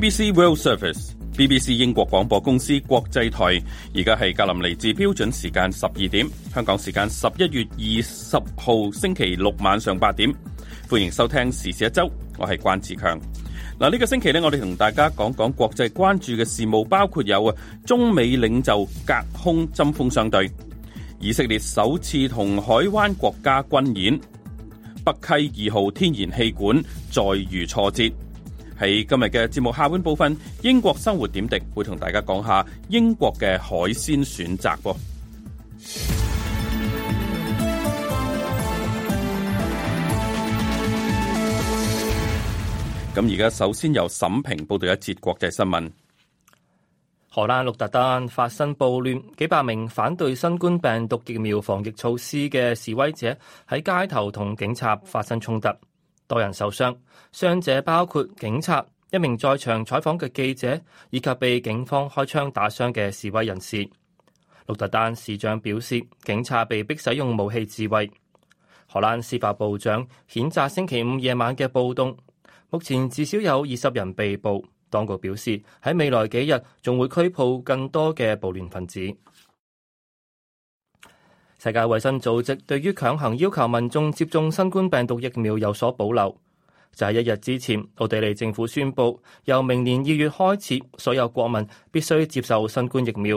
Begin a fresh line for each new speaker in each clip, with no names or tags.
BBC World Service，BBC 英國廣播公司國際台，而家係格林尼治標準時間十二點，香港時間十一月二十號星期六晚上八點，歡迎收聽時事一周，我係關志強。嗱，呢個星期咧，我哋同大家講講國際關注嘅事務，包括有啊，中美領袖隔空針鋒相對，以色列首次同海灣國家軍演，北溪二號天然氣管再遇挫折。喺今日嘅節目下半部分，英國生活點滴會同大家講下英國嘅海鮮選擇噃。咁而家首先由沈平報道一節國際新聞：
荷蘭鹿特丹發生暴亂，幾百名反對新冠病毒疫苗防疫措施嘅示威者喺街頭同警察發生衝突。多人受傷，傷者包括警察、一名在場採訪嘅記者，以及被警方開槍打傷嘅示威人士。鹿特丹市長表示，警察被迫使用武器自衛。荷蘭司法部長譴責星期五夜晚嘅暴動。目前至少有二十人被捕。當局表示喺未來幾日仲會拘捕更多嘅暴亂分子。世界衛生組織對於強行要求民眾接種新冠病毒疫苗有所保留。就喺一日之前，奧地利政府宣布由明年二月開始，所有國民必須接受新冠疫苗。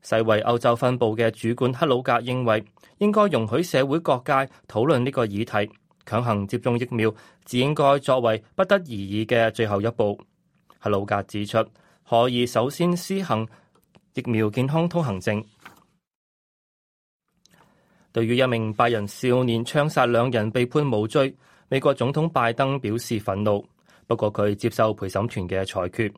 世衛歐洲分部嘅主管克魯格認為，應該容許社會各界討論呢個議題。強行接種疫苗只應該作為不得而已嘅最後一步。克魯格指出，可以首先施行疫苗健康通行證。對於一名白人少年槍殺兩人被判冇罪，美國總統拜登表示憤怒。不過佢接受陪審團嘅裁決。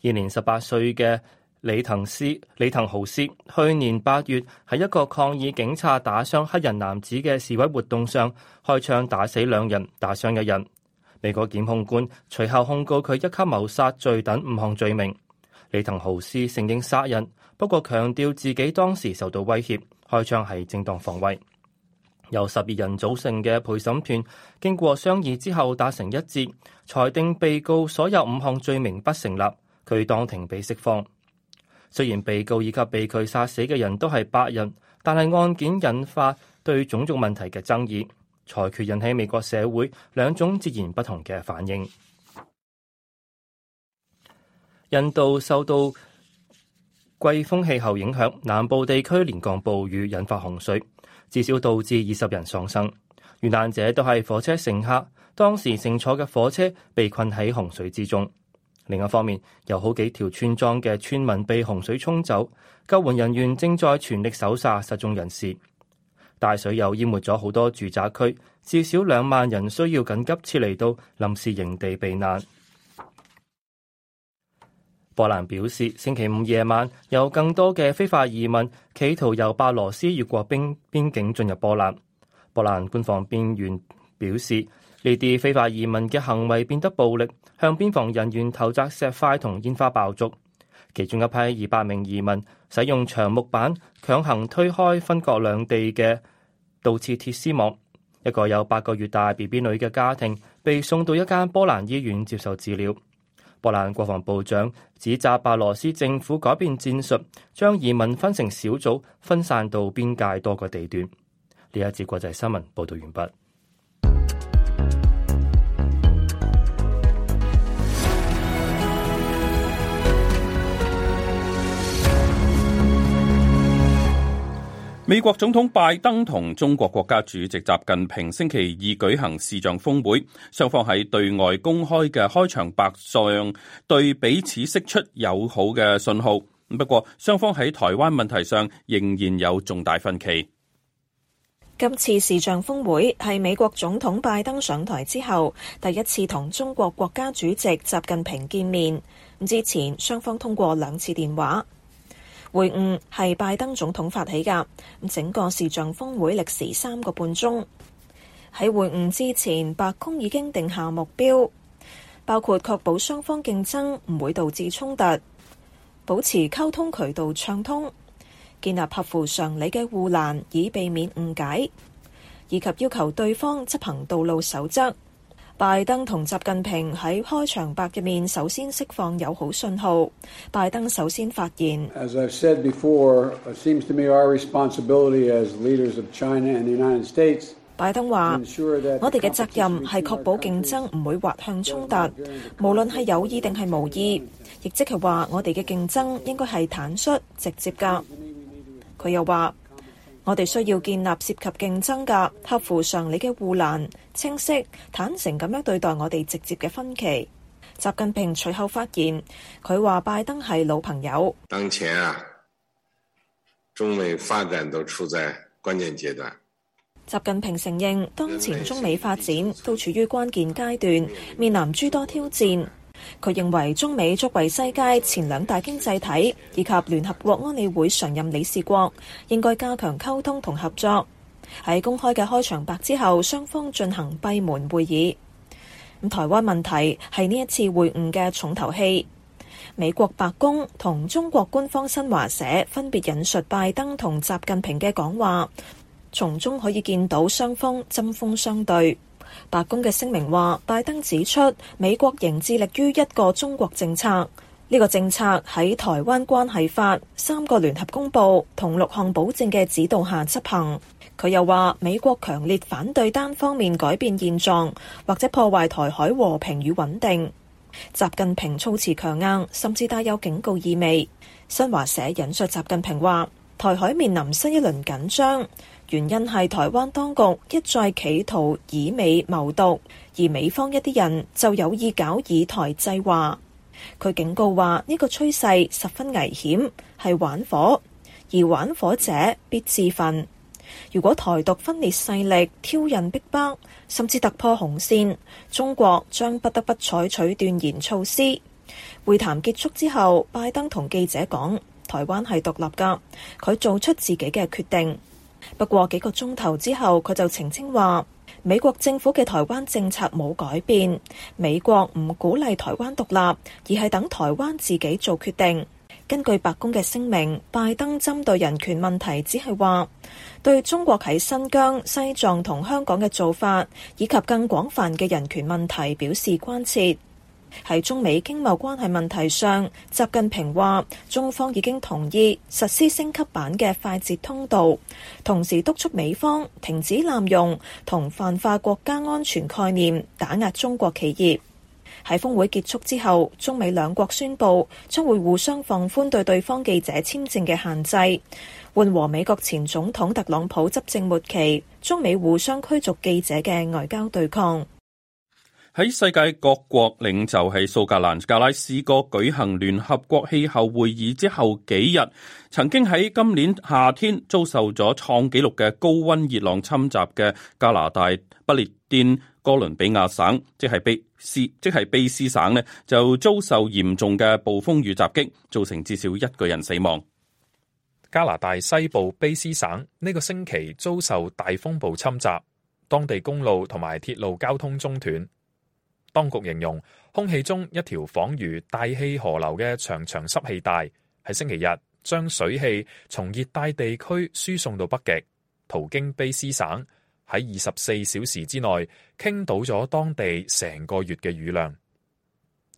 現年十八歲嘅李騰斯李騰豪斯去年八月喺一個抗議警察打傷黑人男子嘅示威活動上開槍打死兩人打傷一人。美國檢控官隨後控告佢一級謀殺罪等五項罪名。李騰豪斯承認殺人，不過強調自己當時受到威脅。開槍係正當防衛。由十二人組成嘅陪審團經過商議之後達成一致，裁定被告所有五項罪名不成立，佢當庭被釋放。雖然被告以及被佢殺死嘅人都係白人，但係案件引發對種族問題嘅爭議，裁決引起美國社會兩種截然不同嘅反應。印度受到。季風氣候影響南部地區連降暴雨，引發洪水，至少導致二十人喪生。遇難者都係火車乘客，當時乘坐嘅火車被困喺洪水之中。另一方面，有好幾條村莊嘅村民被洪水沖走，救援人員正在全力搜索失蹤人士。大水又淹沒咗好多住宅區，至少兩萬人需要緊急撤離到臨時營地避難。波蘭表示，星期五夜晚有更多嘅非法移民企圖由白羅斯越過邊邊境進入波蘭。波蘭官方邊員表示，呢啲 非法移民嘅行為變得暴力，向邊防人員投擲石塊同煙花爆竹。其中一批二百名移民使用長木板強行推開分隔兩地嘅倒刺鐵絲網。一個有八個月大 B B 女嘅家庭被送到一間波蘭醫院接受治療。波蘭國防部長指責白羅斯政府改變戰術，將移民分成小組，分散到邊界多個地段。呢一節國際新聞報道完畢。
美國總統拜登同中國國家主席習近平星期二舉行視像峰會，雙方喺對外公開嘅開場白上對彼此釋出友好嘅信號。不過，雙方喺台灣問題上仍然有重大分歧。
今次視像峰會係美國總統拜登上台之後第一次同中國國家主席習近平見面。之前雙方通過兩次電話。會晤係拜登總統發起噶整個視像峰會歷時三個半鐘。喺會晤之前，白宮已經定下目標，包括確保雙方競爭唔會導致衝突，保持溝通渠道暢通，建立合乎常理嘅護欄，以避免誤解，以及要求對方執行道路守則。拜登同習近平喺開場白入面，首先釋放友好信號。拜登首先發言。拜登話：我哋嘅責任係確保競爭唔會滑向衝突，無論係有意定係無意。亦即係話，我哋嘅競爭應該係坦率、直接㗎。佢又話。我哋需要建立涉及競爭嘅合乎常理嘅護欄，清晰坦誠咁樣對待我哋直接嘅分歧。習近平隨後發言，佢話：拜登係老朋友。
當前啊，中美發
展都處在關鍵階段。
習近平承認，當前中美發展都處於關鍵階段，面臨諸多挑戰。佢認為中美作為世界前兩大經濟體，以及聯合國安理會常任理事國，應該加強溝通同合作。喺公開嘅開場白之後，雙方進行閉門會議。台灣問題係呢一次會晤嘅重頭戲。美國白宮同中國官方新華社分別引述拜登同習近平嘅講話，從中可以見到雙方針鋒相對。白宮嘅聲明話，拜登指出美國仍致力於一個中國政策，呢個政策喺台灣關係法、三個聯合公佈同六項保證嘅指導下執行。佢又話美國強烈反對單方面改變現狀或者破壞台海和平與穩定。習近平措辭強硬，甚至帶有警告意味。新華社引述習近平話：台海面臨新一輪緊張。原因係台灣當局一再企圖以美謀獨，而美方一啲人就有意搞以台制華。佢警告話呢個趨勢十分危險，係玩火，而玩火者必自焚。如果台獨分裂勢力挑釁逼迫，甚至突破紅線，中國將不得不採取斷言措施。會談結束之後，拜登同記者講：台灣係獨立噶，佢做出自己嘅決定。不過幾個鐘頭之後，佢就澄清話：美國政府嘅台灣政策冇改變，美國唔鼓勵台灣獨立，而係等台灣自己做決定。根據白宮嘅聲明，拜登針對人權問題只，只係話對中國喺新疆、西藏同香港嘅做法，以及更廣泛嘅人權問題表示關切。喺中美經貿關係問題上，習近平話中方已經同意實施升級版嘅快捷通道，同時督促美方停止濫用同泛化國家安全概念打壓中國企業。喺峰會結束之後，中美兩國宣佈將會互相放寬對對方記者簽證嘅限制，緩和美國前總統特朗普執政末期中美互相驅逐記者嘅外交對抗。
喺世界各國領袖喺蘇格蘭格拉斯哥舉行聯合國氣候會議之後幾日，曾經喺今年夏天遭受咗創紀錄嘅高温熱浪侵襲嘅加拿大不列顛哥倫比亞省，即係卑斯，即係卑斯省咧，就遭受嚴重嘅暴
風雨襲擊，造成至少一個人死亡。加拿大西部卑斯省呢個星期遭受大風暴侵襲，當地公路同埋鐵路交通中斷。當局形容空氣中一條仿如大氣河流嘅長長濕氣帶喺星期日將水氣從熱帶地區輸送到北極，途經卑斯省，喺二十四小時之內傾倒咗當地成個月嘅雨量。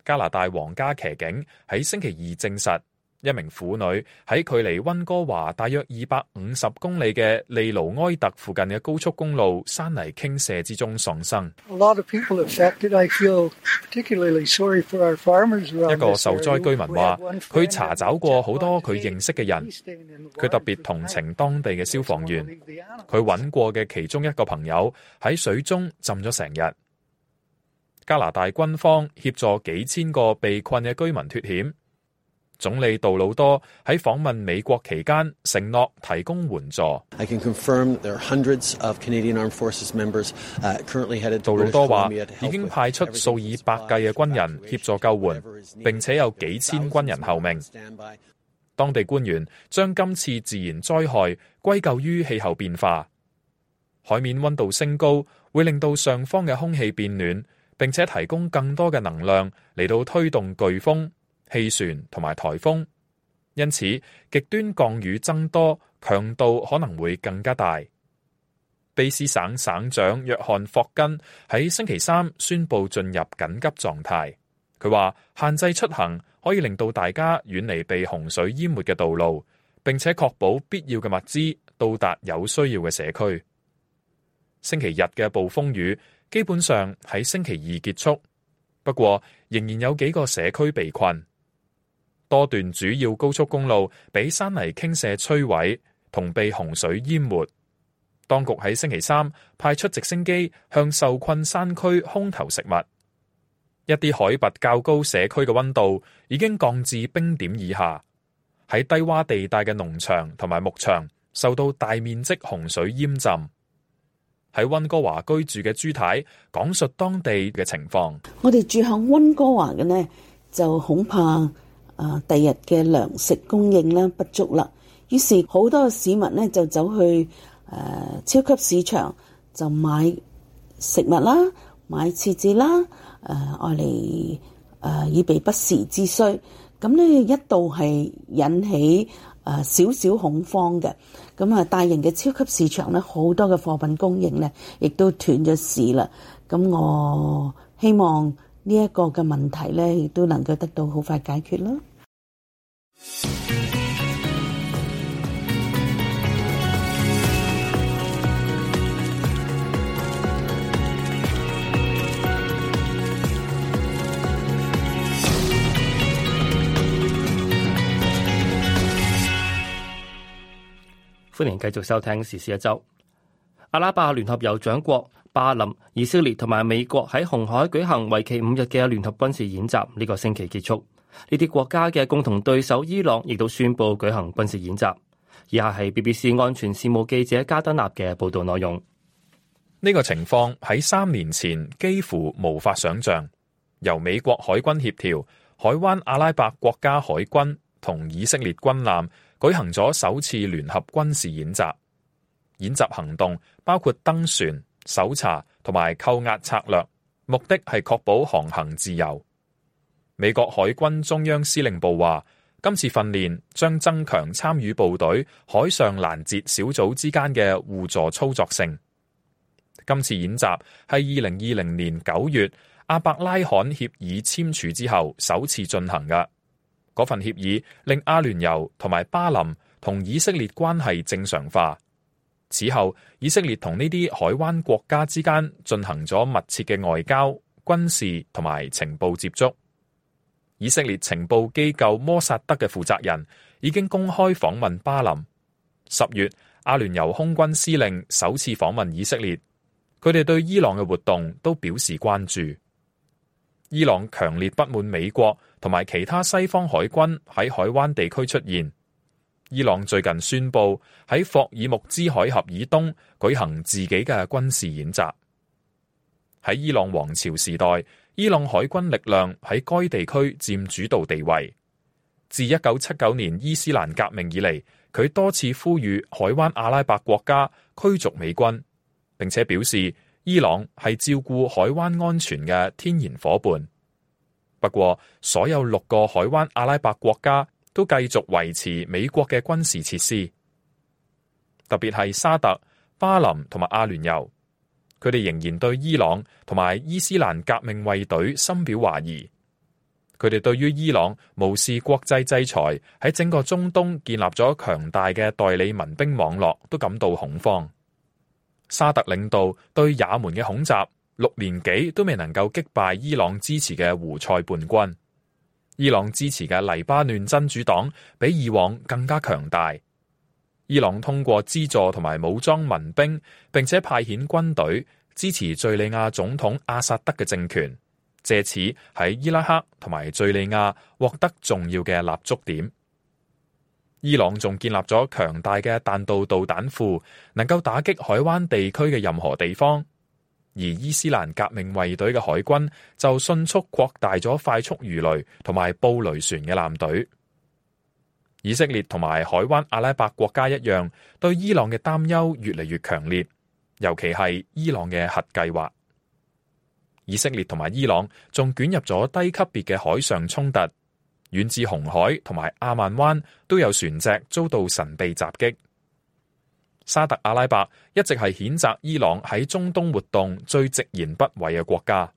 加拿大皇家騎警喺星期二證實，一名婦女喺距離温哥華大約二百五十公里嘅利勞埃特附近嘅高速公路山泥傾瀉之中喪生。
一個受災居
民話，佢查找過好多佢認識嘅人，佢特別同情當地嘅消防員。佢揾過嘅其中一個朋友喺水中浸咗成日。加拿大軍方協助幾千個被困嘅居民脫險。總理杜魯多喺訪問美國期間承諾提供援助。
I can confirm there are hundreds of Canadian Armed Forces members currently headed to help with this. 杜魯多話
已經派出數以百計嘅軍人協助救援，並且有幾千軍人候命。當地官員將今次自然災害歸咎於氣候變化。海面溫度升高會令到上方嘅空氣變暖，並且提供更多嘅能量嚟到推動颶風。氣旋同埋台風，因此極端降雨增多，強度可能會更加大。卑斯省省長約翰霍根喺星期三宣布進入緊急狀態。佢話限制出行可以令到大家遠離被洪水淹沒嘅道路，並且確保必要嘅物資到達有需要嘅社區。星期日嘅暴風雨基本上喺星期二結束，不過仍然有幾個社區被困。多段主要高速公路被山泥傾瀉摧毀，同被洪水淹沒。當局喺星期三派出直升機向受困山區空投食物。一啲海拔較高社區嘅溫度已經降至冰點以下。喺低窪地帶嘅農場同埋牧場受到大面積洪水淹浸。喺溫哥華居住嘅朱太講述當地嘅情況。
我哋住向溫哥華嘅呢，就恐怕。啊！第日嘅糧食供應咧不足啦，於是好多市民咧就走去誒超級市場就買食物啦、買設置啦，誒愛嚟誒以備不時之需。咁咧一度係引起誒少少恐慌嘅。咁啊，大型嘅超級市場咧好多嘅貨品供應咧亦都斷咗市啦。咁我希望呢一個嘅問題咧亦都能夠得到好快解決啦。
歡迎繼續收聽時事一周。阿拉伯聯合酋長國、巴林、以色列同埋美國喺紅海舉行為期五日嘅聯合軍事演習，呢個星期結束。呢啲國家嘅共同對手伊朗亦都宣布舉行軍事演習。以下係 BBC 安全事
務記者加德納嘅報道內容。呢個情況喺三年前幾乎無法想象。由美國海軍協調、海灣阿拉伯國家海軍同以色列軍艦舉行咗首次聯合軍事演習。演習行動包括登船、搜查同埋扣押策略，目的係確保航行自由。美國海軍中央司令部話，今次訓練將增強參與部隊海上攔截小組之間嘅互助操作性。今次演習係二零二零年九月阿伯拉罕協議簽署之後首次進行嘅。嗰份協議令阿聯酋同埋巴林同以色列關係正常化。此後，以色列同呢啲海灣國家之間進行咗密切嘅外交、軍事同埋情報接觸。以色列情報機構摩薩德嘅負責人已經公開訪問巴林。十月，阿聯酋空軍司令首次訪問以色列，佢哋對伊朗嘅活動都表示關注。伊朗強烈不滿美國同埋其他西方海軍喺海灣地區出現。伊朗最近宣布喺霍爾木茲海峽以東舉行自己嘅軍事演習。喺伊朗皇朝時代。伊朗海軍力量喺該地區佔主導地位。自一九七九年伊斯蘭革命以嚟，佢多次呼籲海灣阿拉伯國家驅逐美軍，並且表示伊朗係照顧海灣安全嘅天然夥伴。不過，所有六個海灣阿拉伯國家都繼續維持美國嘅軍事設施，特別係沙特、巴林同埋阿聯酋。佢哋仍然對伊朗同埋伊斯蘭革命衛隊深表懷疑。佢哋對於伊朗無視國際制裁，喺整個中東建立咗強大嘅代理民兵網絡，都感到恐慌。沙特領導對也門嘅恐襲六年幾都未能夠擊敗伊朗支持嘅胡塞叛軍。伊朗支持嘅黎巴嫩真主黨比以往更加強大。伊朗通過資助同埋武裝民兵，並且派遣軍隊支持敘利亞總統阿薩德嘅政權，借此喺伊拉克同埋敘利亞獲得重要嘅立足點。伊朗仲建立咗強大嘅彈道導彈庫，能夠打擊海灣地區嘅任何地方。而伊斯蘭革命衛隊嘅海軍就迅速擴大咗快速魚雷同埋布雷船嘅艦隊。以色列同埋海灣阿拉伯國家一樣，對伊朗嘅擔憂越嚟越強烈，尤其係伊朗嘅核計劃。以色列同埋伊朗仲捲入咗低級別嘅海上衝突，遠至紅海同埋阿曼灣都有船隻遭到神秘襲擊。沙特阿拉伯一直係譴責伊朗喺中東活動最直言不諱嘅國家。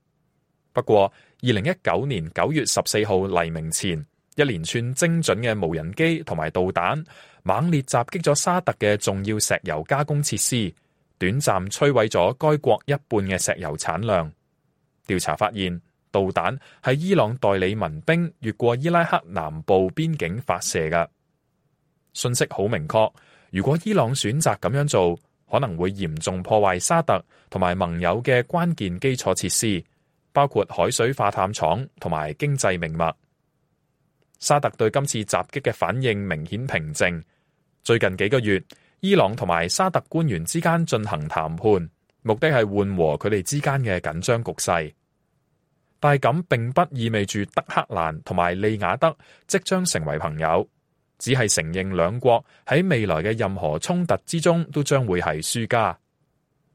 不過，二零一九年九月十四號黎明前。一連串精準嘅無人機同埋導彈猛烈襲擊咗沙特嘅重要石油加工設施，短暫摧毀咗該國一半嘅石油產量。調查發現，導彈係伊朗代理民兵越過伊拉克南部邊境發射嘅。信息好明確，如果伊朗選擇咁樣做，可能會嚴重破壞沙特同埋盟友嘅關鍵基礎設施，包括海水化淡廠同埋經濟命脈。沙特對今次襲擊嘅反應明顯平靜。最近幾個月，伊朗同埋沙特官員之間進行談判，目的係緩和佢哋之間嘅緊張局勢。但係咁並不意味住德黑蘭同埋利雅得即將成為朋友，只係承認兩國喺未來嘅任何衝突之中都將會係輸家。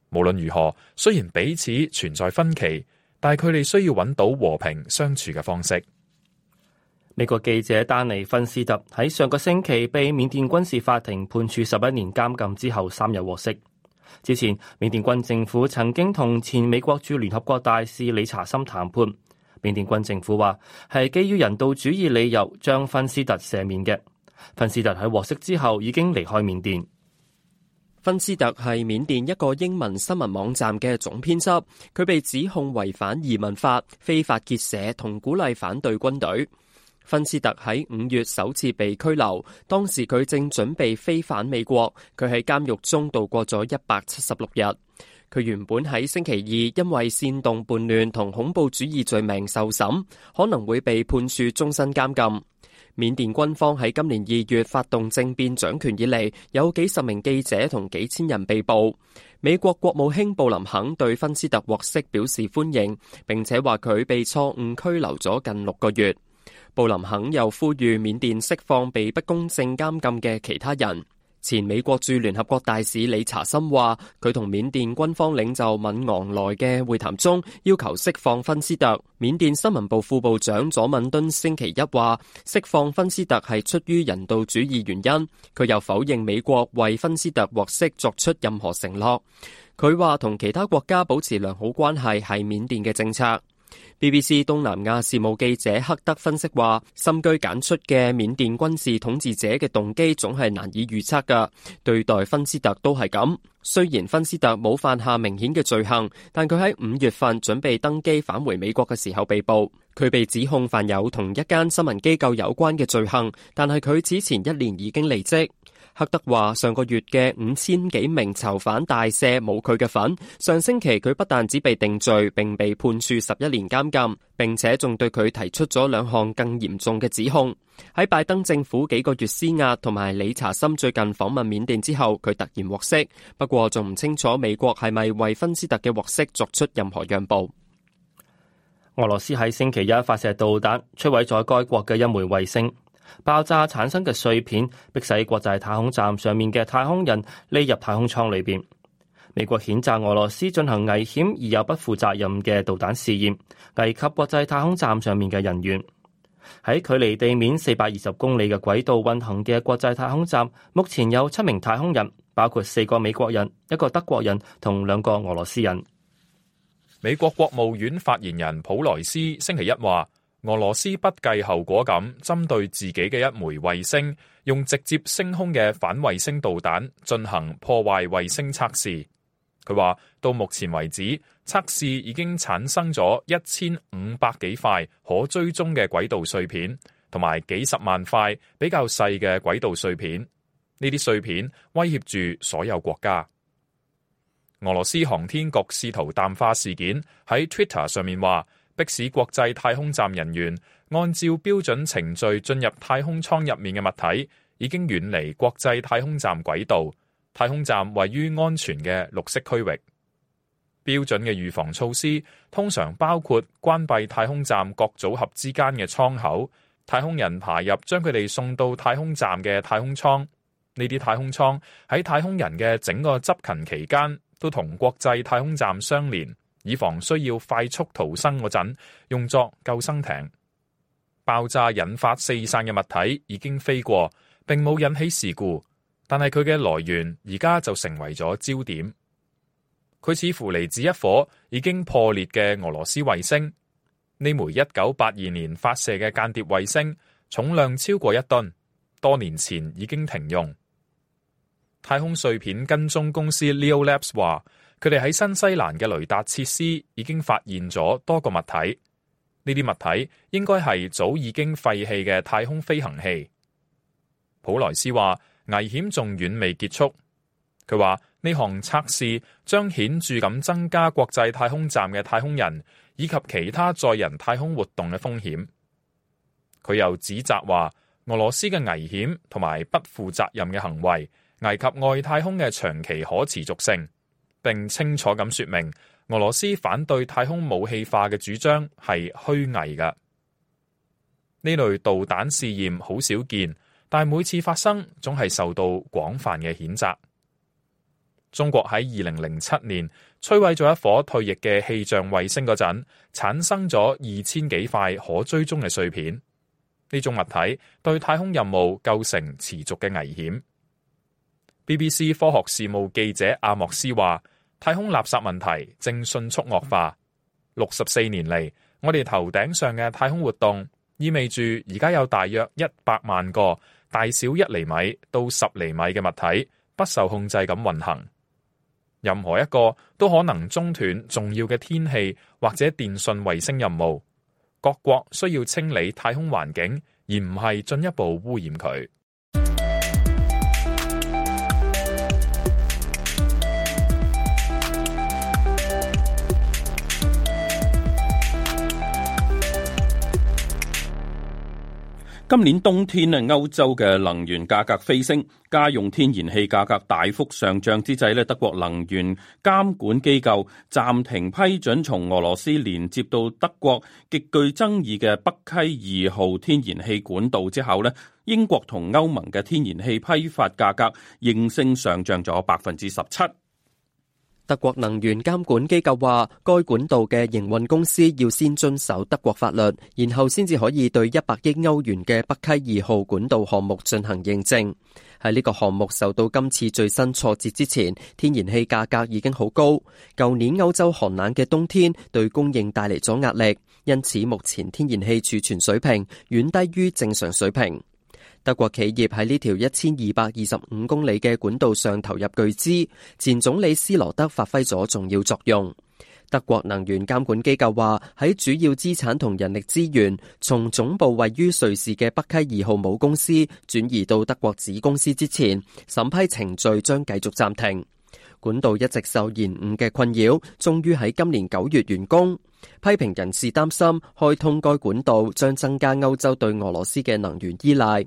無論如何，雖然彼此存在分歧，但係佢哋需要揾到和平相處嘅方式。美國記者
丹尼芬斯特喺上個星期被緬甸軍事法庭判處十一年監禁之後，三日獲釋。之前，緬甸軍政府曾經同前美國駐聯合國大使理查森談判。緬甸軍政府話係基於人道主義理由將芬斯特赦免嘅。芬斯特喺獲釋之後已經離開緬甸。
芬斯特係緬甸一個英文新聞網站嘅總編輯，佢被指控違反移民法、非法結社同鼓勵反對軍隊。芬斯特喺五月首次被拘留，當時佢正準備飛返美國。佢喺監獄中度過咗一百七十六日。佢原本喺星期二因為煽動叛亂同恐怖主義罪名受審，可能會被判處終身監禁。緬甸軍方喺今年二月發動政變掌權以嚟，有幾十名記者同幾千人被捕。美國國務卿布林肯對芬斯特獲釋表示歡迎，並且話佢被錯誤拘留咗近六個月。布林肯又呼籲緬甸釋放被不公正監禁嘅其他人。前美國駐聯合國大使理查森話，佢同緬甸軍方領袖敏昂萊嘅會談中，要求釋放芬斯特。緬甸新聞部副部長佐敏敦星期一話，釋放芬斯特係出於人道主義原因。佢又否認美國為芬斯特獲釋作出任何承諾。佢話同其他國家保持良好關係係緬甸嘅政策。BBC 東南亞事務記者克德分析話，深居簡出嘅緬甸軍事統治者嘅動機總係難以預測噶。對待芬斯特都係咁。雖然芬斯特冇犯下明顯嘅罪行，但佢喺五月份準備登機返回美國嘅時候被捕。佢被指控犯有同一間新聞機構有關嘅罪行，但係佢此前一年已經離職。克德話：上個月嘅五千幾名囚犯大赦冇佢嘅份。上星期佢不但只被定罪，並被判處十一年監禁，並且仲對佢提出咗兩項更嚴重嘅指控。喺拜登政府幾個月施壓同埋理查森最近訪問緬甸之後，佢突然獲釋。不過仲唔清楚美國係咪為芬斯特嘅獲釋作出任何讓步。
俄羅斯喺星期一發射導彈，摧毀咗該國嘅一枚衛星。爆炸產生嘅碎片迫使國際太空站上面嘅太空人匿入太空艙裏邊。美國譴責俄羅斯進行危險而又不負責任嘅導彈試驗，危及國際太空站上面嘅人員。喺距離地面四百二十公里嘅軌道運行嘅國際太空站，目前有七名太空人，包括四個美國人、一個德國人同兩個俄羅斯人。
美國國務院發言人普萊斯星期一話。俄羅斯不計後果咁針對自己嘅一枚衛星，用直接升空嘅反衛星導彈進行破壞衛星測試。佢話到目前為止，測試已經產生咗一千五百幾塊可追蹤嘅軌道碎片，同埋幾十萬塊比較細嘅軌道碎片。呢啲碎片威脅住所有國家。俄羅斯航天局試圖淡化事件，喺 Twitter 上面話。迫使國際太空站人員按照標準程序進入太空艙。入面嘅物體已經遠離國際太空站軌道。太空站位於安全嘅綠色區域。標準嘅預防措施通常包括關閉太空站各組合之間嘅艙口。太空人爬入，將佢哋送到太空站嘅太空艙。呢啲太空艙喺太空人嘅整個執勤期間都同國際太空站相連。以防需要快速逃生嗰陣，用作救生艇。爆炸引發四散嘅物體已經飛過，並冇引起事故，但係佢嘅來源而家就成為咗焦點。佢似乎嚟自一顆已經破裂嘅俄羅斯衛星。呢枚一九八二年發射嘅間諜衛星，重量超過一噸，多年前已經停用。太空碎片跟蹤公司 Leo Labs 話。佢哋喺新西蘭嘅雷達設施已經發現咗多個物體，呢啲物體應該係早已經廢棄嘅太空飛行器。普萊斯話：危險仲遠未結束。佢話呢項測試將顯著咁增加國際太空站嘅太空人以及其他載人太空活動嘅風險。佢又指責話俄羅斯嘅危險同埋不負責任嘅行為，危及外太空嘅長期可持續性。並清楚咁說明，俄羅斯反對太空武器化嘅主張係虛偽㗎。呢類導彈試驗好少見，但每次發生，總係受到廣泛嘅譴責。中國喺二零零七年摧毀咗一顆退役嘅氣象衛星嗰陣，產生咗二千幾塊可追蹤嘅碎片。呢種物體對太空任務構成持續嘅危險。BBC 科學事務記者阿莫斯話：太空垃圾問題正迅速惡化。六十四年嚟，我哋頭頂上嘅太空活動意味住而家有大約一百萬個大小一厘米到十厘米嘅物體不受控制咁運行。任何一個都可能中斷重要嘅天氣或者電訊衛星任務。各國需要清理太空環境，而唔係進一步污染佢。
今年冬天咧，歐洲嘅能源價格飛升，家用天然氣價格大幅上漲之際咧，德國能源監管機構暫停批准從俄羅斯連接到德國極具爭議嘅北溪二號天然氣管道之後咧，英國同歐盟嘅天然氣批發價格應聲上漲咗百分之十七。德國能源監管機構話，該管道嘅營運公
司要先遵守德國法律，然後先至可以對一百億歐元嘅北溪二號管道項目進行認證。喺呢個項目受到今次最新挫折之前，天然氣價格已經好高。舊年歐洲寒冷嘅冬天對供應帶嚟咗壓力，因此目前天然氣儲存水平遠低於正常水平。德國企業喺呢條一千二百二十五公里嘅管道上投入巨資，前總理施羅德發揮咗重要作用。德國能源監管機構話，喺主要資產同人力資源從總部位於瑞士嘅北溪二號母公司轉移到德國子公司之前，審批程序將繼續暫停。管道一直受延誤嘅困擾，終於喺今年九月完工。批評人士擔心開通該管道將增加歐洲對俄羅斯嘅能源依賴。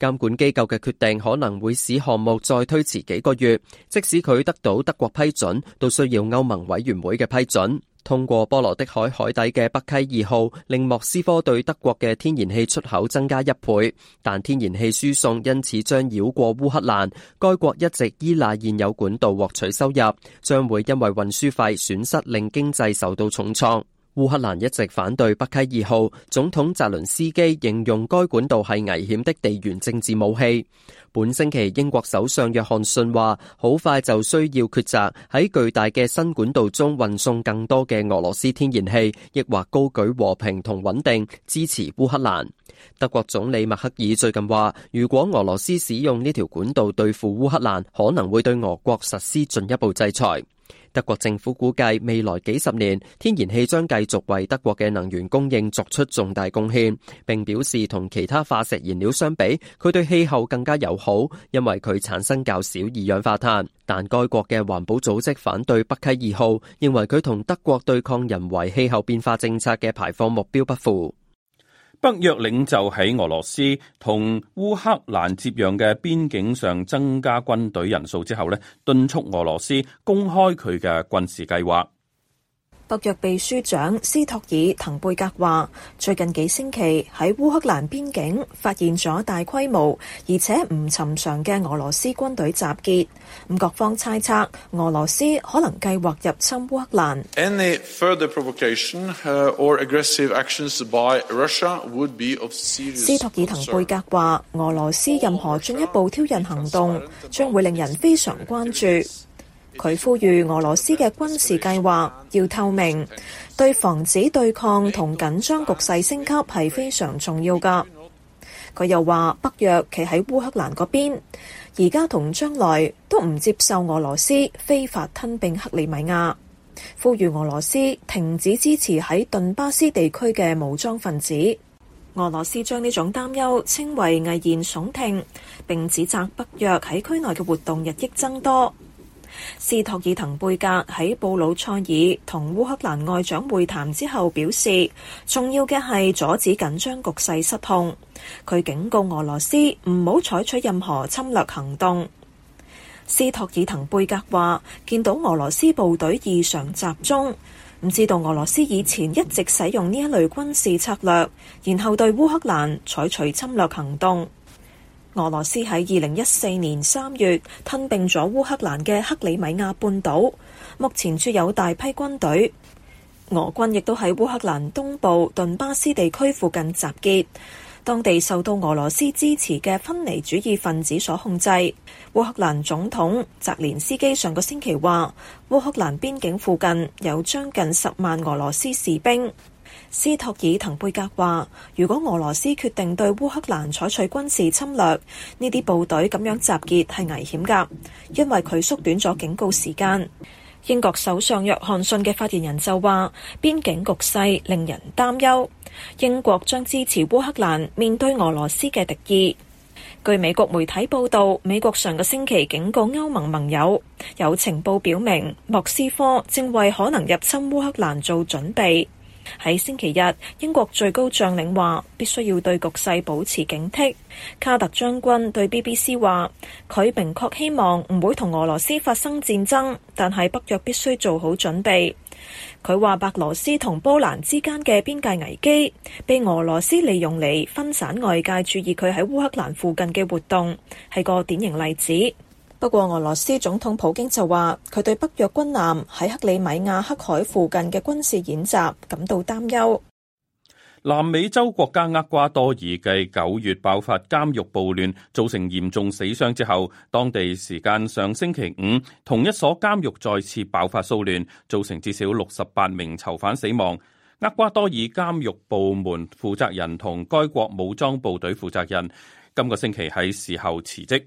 監管機構嘅決定可能會使項目再推遲幾個月，即使佢得到德國批准，都需要歐盟委員會嘅批准。通過波羅的海海底嘅北溪二號，令莫斯科對德國嘅天然氣出口增加一倍，但天然氣輸送因此將繞過烏克蘭。該國一直依賴現有管道獲取收入，將會因為運輸費損失令經濟受到重創。烏克蘭一直反對北溪二號，總統澤連斯基形容該管道係危險的地緣政治武器。本星期，英國首相約翰遜話，好快就需要抉擇喺巨大嘅新管道中運送更多嘅俄羅斯天然氣，抑或高舉和平同穩定支持烏克蘭。德國總理默克爾最近話，如果俄羅斯使用呢條管道對付烏克蘭，可能會對俄國實施進一步制裁。德國政府估計，未來幾十年天然氣將繼續為德國嘅能源供應作出重大貢獻，並表示同其他化石燃料相比，佢對氣候更加友好，因為佢產生較少二氧化碳。但該國嘅環保組織反對北溪二號，認為佢同德國對抗人為氣候
變化政策嘅排放目標不符。北約領袖喺俄羅斯同烏克蘭接壤嘅邊境上增加軍隊人數之後呢，敦促俄羅斯公開佢嘅軍事計劃。
北約秘書長斯托爾滕貝格話：，最近幾星期喺烏克蘭邊境發現咗大規模而且唔尋常嘅俄羅斯軍隊集結，各方猜測俄羅斯可能計劃入侵烏克蘭。
Any further provocation
or aggressive actions by Russia would be of serious concern. 斯托爾滕貝格
話：，俄羅斯任何進一步挑釁行動將 All Russia. 會令人非常關注。佢呼籲俄羅斯嘅軍事計劃要透明，對防止對抗同緊張局勢升級係非常重要噶。佢又話北約企喺烏克蘭嗰邊，而家同將來都唔接受俄羅斯非法吞併克里米亞，呼籲俄羅斯停止支持喺頓巴斯地區嘅武裝分子。俄羅斯將呢種擔憂稱為危言聳聽，並指責北約喺區內嘅活動日益增多。斯托爾滕貝格喺布魯塞爾同烏克蘭外長會談之後表示，重要嘅係阻止緊張局勢失控。佢警告俄羅斯唔好採取任何侵略行動。斯托爾滕貝格話：見到俄羅斯部隊異常集中，唔知道俄羅斯以前一直使用呢一類軍事策略，然後對烏克蘭採取侵略行動。俄羅斯喺二零一四年三月吞併咗烏克蘭嘅克里米亞半島，目前駐有大批軍隊。俄軍亦都喺烏克蘭東部頓巴斯地區附近集結，當地受到俄羅斯支持嘅分離主義分子所控制。烏克蘭總統澤連斯基上個星期話，烏克蘭邊境附近有將近十萬俄羅斯士兵。斯托爾滕貝格話，如果俄羅斯決定對烏克蘭採取軍事侵略，呢啲部隊咁樣集結係危險噶，因為佢縮短咗警告時間。英國首相約翰遜嘅發言人就話，邊境局勢令人擔憂，英國將支持烏克蘭面對俄羅斯嘅敵意。據美國媒體報道，美國上個星期警告歐盟盟友，有情報表明莫斯科正為可能入侵烏克蘭做準備。喺星期日，英國最高將領話必須要對局勢保持警惕。卡特將軍對 BBC 話佢明確希望唔會同俄羅斯發生戰爭，但係北約必須做好準備。佢話白羅斯同波蘭之間嘅邊界危機被俄羅斯利用嚟分散外界注意佢喺烏克蘭附近嘅活動，係個典型例子。不過，俄羅斯總統普京就話，佢對北約軍艦喺克里米亞黑海附近嘅軍事演習感到擔憂。
南美洲國家厄瓜多爾繼九月爆發監獄暴亂造成嚴重死傷之後，當地時間上星期五同一所監獄再次爆發騷亂，造成至少六十八名囚犯死亡。厄瓜多爾監獄部門負責人同該國武裝部隊負責人今個星期喺事後辭職。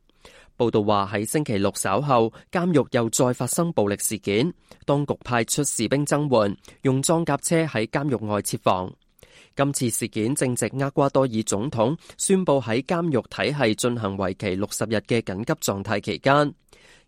報道話喺星期六稍後，監獄又再發生暴力事件，當局派出士兵增援，用裝甲車喺監獄外設防。今次事件正值厄瓜多爾總統宣布喺監獄體系進行為期六十日嘅緊急狀態期間，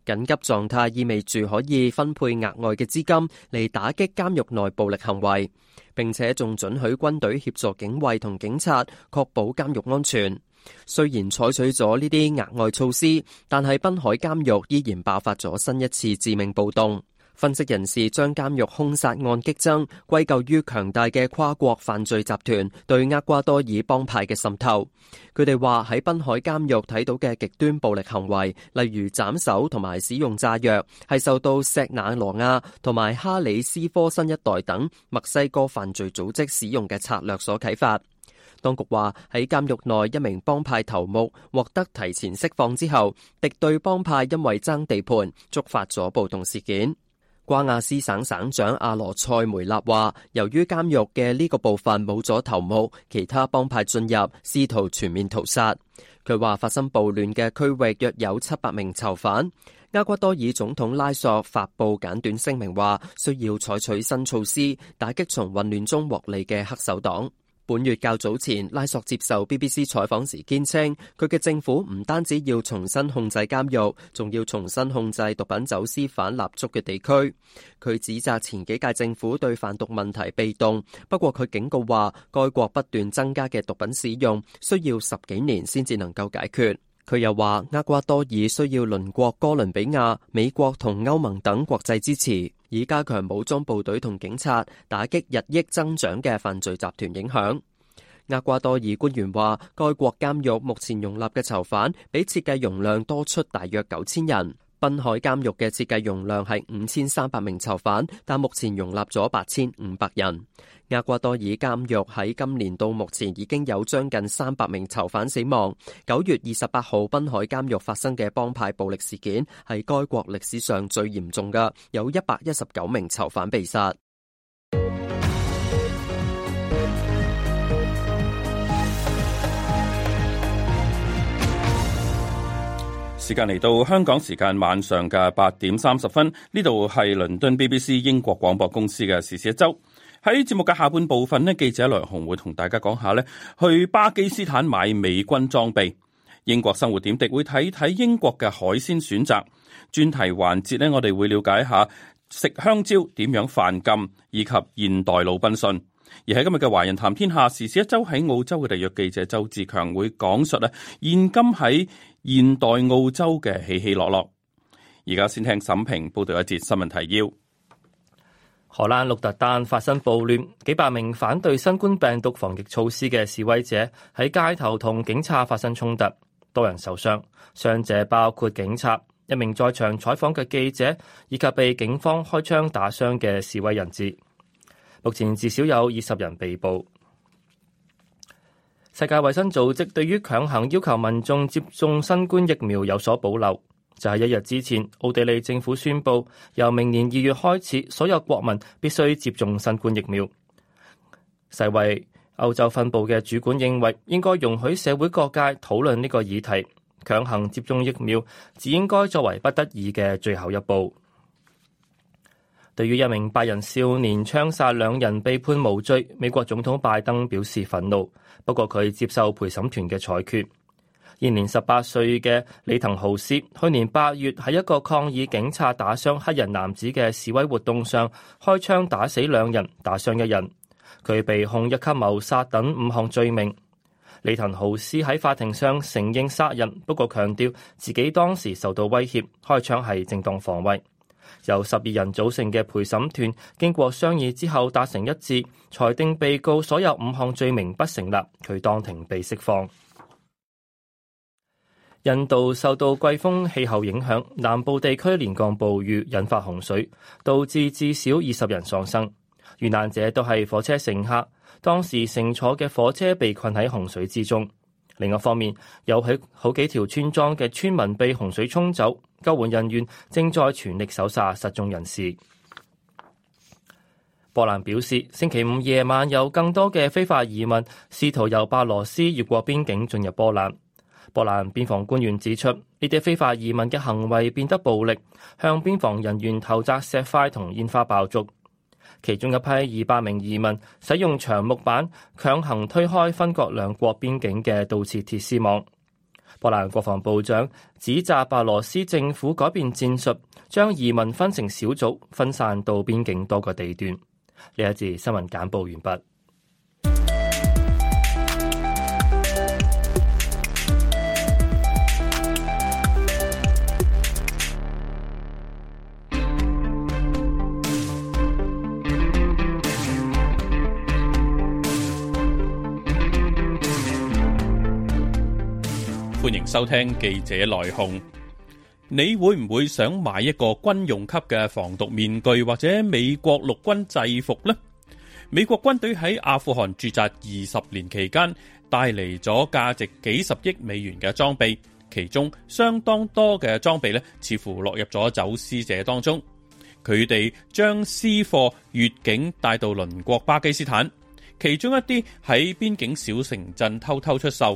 緊急狀態意味住可以分配額外嘅資金嚟打擊監獄內暴力行為，並且仲准許軍隊協助警衛同警察確保監獄安全。雖然採取咗呢啲額外措施，但係濱海監獄依然爆發咗新一次致命暴動。分析人士將監獄兇殺案激增歸咎於強大嘅跨國犯罪集團對厄瓜多爾幫派嘅滲透。佢哋話喺濱海監獄睇到嘅極端暴力行為，例如斬首同埋使用炸藥，係受到錫那羅亞同埋哈里斯科新一代等墨西哥犯罪組織使用嘅策略所啟發。當局話喺監獄內一名幫派頭目獲得提前釋放之後，敵對幫派因為爭地盤，觸發咗暴動事件。瓜亞斯省省長阿羅塞梅納話，由於監獄嘅呢個部分冇咗頭目，其他幫派進入，試圖全面屠殺。佢話發生暴亂嘅區域約有七百名囚犯。厄瓜多爾總統拉索發佈簡短聲明話，需要採取新措施打擊從混亂中獲利嘅黑手黨。本月較早前，拉索接受 BBC 採訪時堅，堅稱佢嘅政府唔單止要重新控制監獄，仲要重新控制毒品走私販立足嘅地區。佢指責前幾屆政府對販毒問題被動。不過佢警告話，該國不斷增加嘅毒品使用，需要十幾年先至能夠解決。佢又話，厄瓜多爾需要鄰國哥倫比亞、美國同歐盟等國際支持。以加強武裝部隊同警察打擊日益增長嘅犯罪集團影響。厄瓜多爾官員話，該國監獄目前容納嘅囚犯比設計容量多出大約九千人。濱海監獄嘅設計容量係五千三百名囚犯，但目前容納咗八千五百人。厄瓜多爾監獄喺今年到目前已經有將近三百名囚犯死亡。九月二十八號，濱海監獄發生嘅幫派暴力事件係該國歷史上最嚴重嘅，有一百一十九名囚犯被殺。
時間嚟到香港時間晚上嘅八點三十分，呢度係倫敦 BBC 英國廣播公司嘅時事一周。喺節目嘅下半部分呢記者來鴻會同大家講下呢去巴基斯坦買美軍裝備；英國生活點滴會睇睇英國嘅海鮮選擇。專題環節呢，我哋會了解下食香蕉點樣犯禁，以及現代魯賓遜。而喺今日嘅華人談天下時事一周，喺澳洲嘅地約記者周志強會講述呢現今喺。現代澳洲嘅起起落落，而家先聽沈平報道一節新聞提要。荷蘭鹿特丹發生暴亂，幾百名反對新冠
病毒防疫措施嘅示威者喺街頭同警察發生衝突，多人受傷，傷者包括警察、一名在場採訪嘅記者以及被警方開槍打傷嘅示威人士。目前至少有二十人被捕。世界衛生組織對於強行要求民眾接種新冠疫苗有所保留。就係，一日之前，奧地利政府宣布由明年二月開始，所有國民必須接種新冠疫苗。世衛歐洲分部嘅主管認為，應該容許社會各界討論呢個議題，強行接種疫苗只應該作為不得已嘅最後一步。對於一名白人少年槍殺兩人被判無罪，美國總統拜登表示憤怒，不過佢接受陪審團嘅裁決。現年十八歲嘅李騰豪斯去年八月喺一個抗議警察打傷黑人男子嘅示威活動上開槍打死兩人、打傷一人，佢被控一級謀殺等五項罪名。李騰豪斯喺法庭上承認殺人，不過強調自己當時受到威脅，開槍係正當防衛。由十二人組成嘅陪審團經過商議之後達成一致，裁定被告所有五項罪名不成立，佢當庭被釋放。印度受到季風氣候影響，南部地區連降暴雨，引發洪水，導致至少二十人喪生。遇難者都係火車乘客，當時乘坐嘅火車被困喺洪水之中。另一方面，有喺好幾條村莊嘅村民被洪水沖走。救援人員正在全力搜索失蹤人士。波蘭表示，星期五夜晚有更多嘅非法移民試圖由白羅斯越過邊境進入波蘭。波蘭邊防官員指出，呢啲非法移民嘅行為變得暴力，向邊防人員投擲石塊同煙花爆竹。其中一批二百名移民使用長木板強行推開分割兩國邊境嘅倒刺鐵絲網。波蘭國防部長指責白羅斯政府改變戰術，將移民分成小組，分散到邊境多個地段。呢一節新聞簡報完畢。
收聽記者來鴻，你會唔會想買一個軍用級嘅防毒面具或者美國陸軍制服呢？美國軍隊喺阿富汗駐紮二十年期間，帶嚟咗價值幾十億美元嘅裝備，其中相當多嘅裝備呢，似乎落入咗走私者當中。佢哋將私貨越境帶到鄰國巴基斯坦，其中一啲喺邊境小城鎮偷偷出售。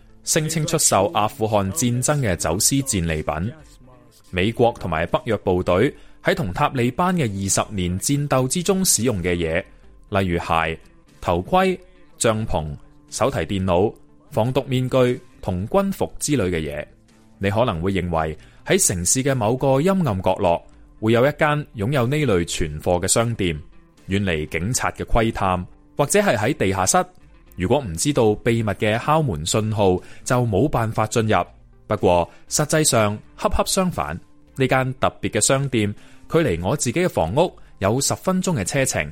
聲稱出售阿富汗戰爭嘅走私戰利品，美國同埋北約部隊喺同塔利班嘅二十年戰鬥之中使用嘅嘢，例如鞋、頭盔、帳篷、手提電腦、防毒面具同軍服之類嘅嘢。你可能會認為喺城市嘅某個陰暗角落會有一間擁有呢類存貨嘅商店，遠離警察嘅窺探，或者係喺地下室。如果唔知道秘密嘅敲門信號，就冇辦法進入。不過實際上恰恰相反，呢間特別嘅商店，距離我自己嘅房屋有十分鐘嘅車程。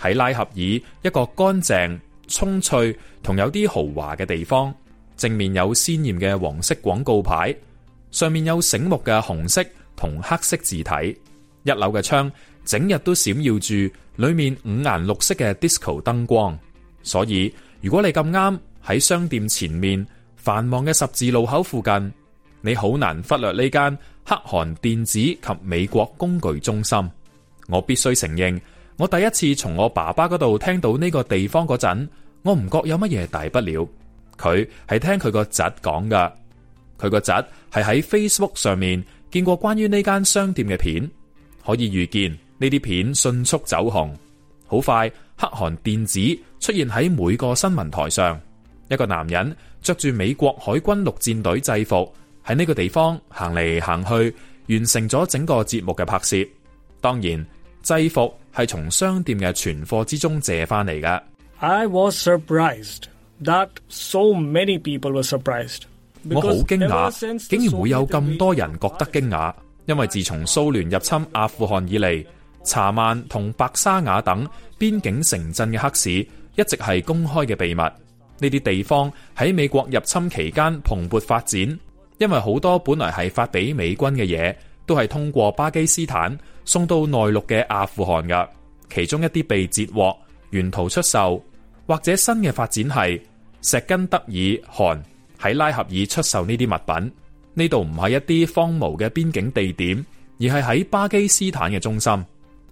喺拉合爾一個乾淨、蔥翠同有啲豪華嘅地方，正面有鮮艷嘅黃色廣告牌，上面有醒目嘅紅色同黑色字體。一樓嘅窗整日都閃耀住裏面五顏六色嘅 disco 燈光，所以，如果你咁啱喺商店前面繁忙嘅十字路口附近，你好難忽略呢間黑韓電子及美國工具中心。我必須承認，我第一次從我爸爸嗰度聽到呢個地方嗰陣，我唔覺有乜嘢大不了。佢係聽佢個侄講噶佢個侄係喺 Facebook 上面見過關於呢間商店嘅片，可以預見呢啲片迅速走紅。好快，黑韓電子出現喺每個新聞台上。一個男人着住美國海軍陸戰隊制服，喺呢個地方行嚟行去，完成咗整個節目嘅拍攝。當然，制服係從商店嘅存貨之中借翻嚟嘅。
I was surprised that so many people were surprised. 我好驚訝，竟然會有咁
多人覺得驚訝，因為自從蘇聯入侵阿富汗以嚟，查曼同白沙瓦等邊境城鎮嘅黑市，一直係公開嘅秘密。呢啲地方喺美國入侵期間蓬勃發展，因為好多本來係發俾美軍嘅嘢，都係通過巴基斯坦送到內陸嘅阿富汗噶。其中一啲被截獲，沿途出售，或者新嘅發展係石根德爾汗喺拉合爾出售呢啲物品。呢度唔係一啲荒蕪嘅邊境地點，而係喺巴基斯坦嘅中心。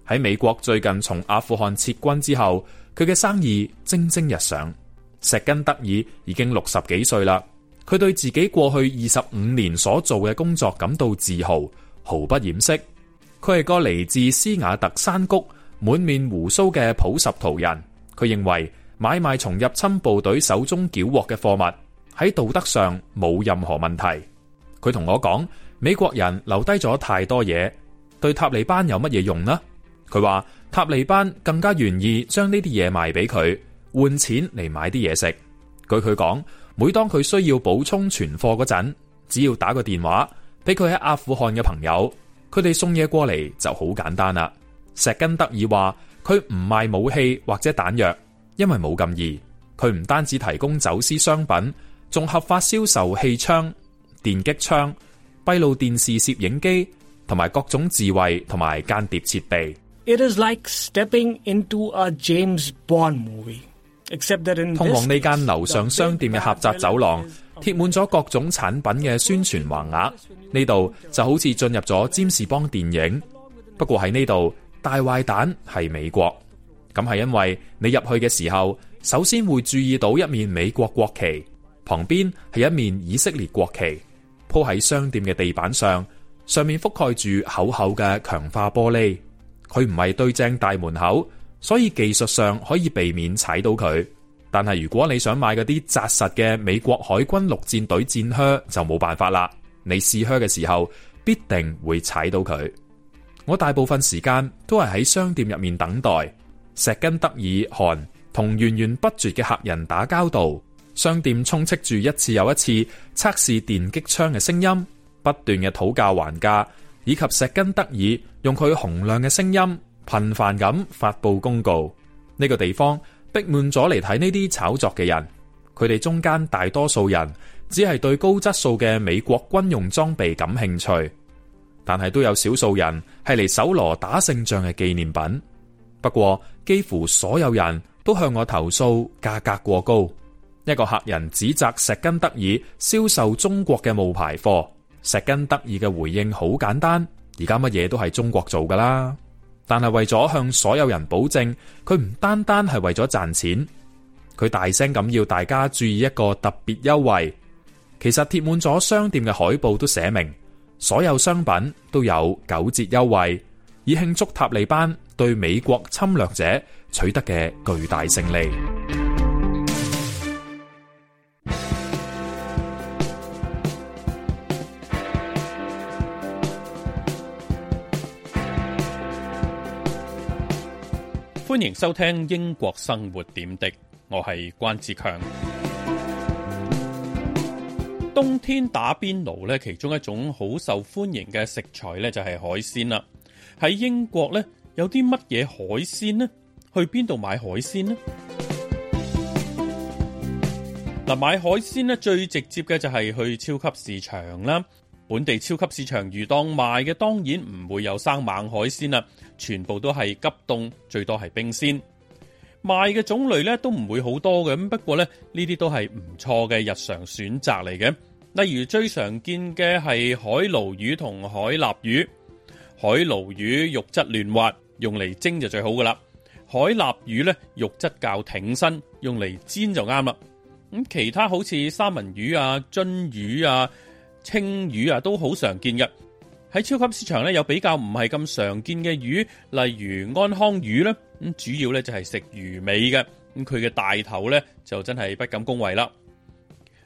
喺美國最近從阿富汗撤軍之後，佢嘅生意蒸蒸日上。石根德爾已經六十幾歲啦，佢對自己過去二十五年所做嘅工作感到自豪，毫不掩飾。佢係個嚟自斯瓦特山谷滿面鬍鬚嘅普什圖人。佢認為買賣從入侵部隊手中繳獲嘅貨物喺道德上冇任何問題。佢同我講，美國人留低咗太多嘢，對塔利班有乜嘢用呢？佢話塔利班更加願意將呢啲嘢賣俾佢，換錢嚟買啲嘢食。據佢講，每當佢需要補充存貨嗰陣，只要打個電話俾佢喺阿富汗嘅朋友，佢哋送嘢過嚟就好簡單啦。石根德爾話佢唔賣武器或者彈藥，因為冇咁易。佢唔單止提供走私商品，仲合法銷售氣槍、電擊槍、閉路電視攝影機同埋各種智慧同埋間諜設備。
通往呢
間樓上商店嘅狹窄走廊，貼滿咗各種產品嘅宣傳橫額。呢度就好似進入咗占士邦電影，不過喺呢度大壞蛋係美國。咁係因為你入去嘅時候，首先會注意到一面美國國旗，旁邊係一面以色列國旗，鋪喺商店嘅地板上，上面覆蓋住厚厚嘅強化玻璃。佢唔係對正大門口，所以技術上可以避免踩到佢。但係如果你想買嗰啲紮實嘅美國海軍陸戰隊戰靴，就冇辦法啦。你試靴嘅時候必定會踩到佢。我大部分時間都係喺商店入面等待，石根德爾汗同源源不絕嘅客人打交道。商店充斥住一次又一次測試電擊槍嘅聲音，不斷嘅討價還價，以及石根德爾用佢洪亮嘅聲音頻繁咁發布公告，呢個地方逼滿咗嚟睇呢啲炒作嘅人，佢哋中間大多數人只係對高質素嘅美國軍用裝備感興趣，但係都有少數人係嚟搜羅打勝仗嘅紀念品。不過幾乎所有人都向我投訴價格過高，一個客人指責石根德爾銷售中國嘅冒牌貨。石根得意嘅回應好簡單，而家乜嘢都係中國做噶啦。但係為咗向所有人保證，佢唔單單係為咗賺錢，佢大聲咁要大家注意一個特別優惠。其實貼滿咗商店嘅海報都寫明，所有商品都有九折優惠，以慶祝塔利班對美國侵略者取得嘅巨大勝利。
歡迎收聽英國生活點滴，我係關志強。冬天打邊爐咧，其中一種好受歡迎嘅食材咧就係海鮮啦。喺英國咧，有啲乜嘢海鮮呢？去邊度買海鮮呢？嗱，買海鮮咧，最直接嘅就係去超級市場啦。本地超級市場魚檔賣嘅，當然唔會有生猛海鮮啦。全部都係急凍，最多係冰鮮，賣嘅種類咧，都唔會好多嘅。咁不過咧，呢啲都係唔錯嘅日常選擇嚟嘅。例如最常見嘅係海鱸魚同海鱲魚，海鱸魚肉質嫩滑，用嚟蒸就最好噶啦。海鱲魚咧肉質較挺身，用嚟煎就啱啦。咁其他好似三文魚啊、鳟魚啊、青魚啊，都好常見嘅。喺超級市場咧，有比較唔係咁常見嘅魚，例如安康魚咧，咁主要咧就係食魚尾嘅，咁佢嘅大頭咧就真係不敢恭維啦。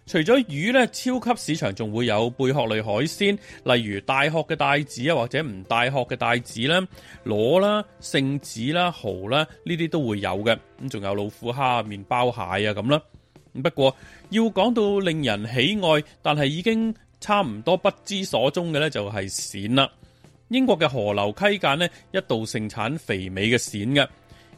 除咗魚咧，超級市場仲會有貝殼類海鮮，例如帶殼嘅帶子啊，或者唔帶殼嘅帶子啦、螺啦、聖子啦、蚝啦，呢啲都會有嘅。咁仲有老虎蝦、麵包蟹啊咁啦。不過要講到令人喜愛，但係已經。差唔多不知所終嘅呢，就係鱔啦。英國嘅河流溪間咧，一度盛產肥美嘅鱔嘅。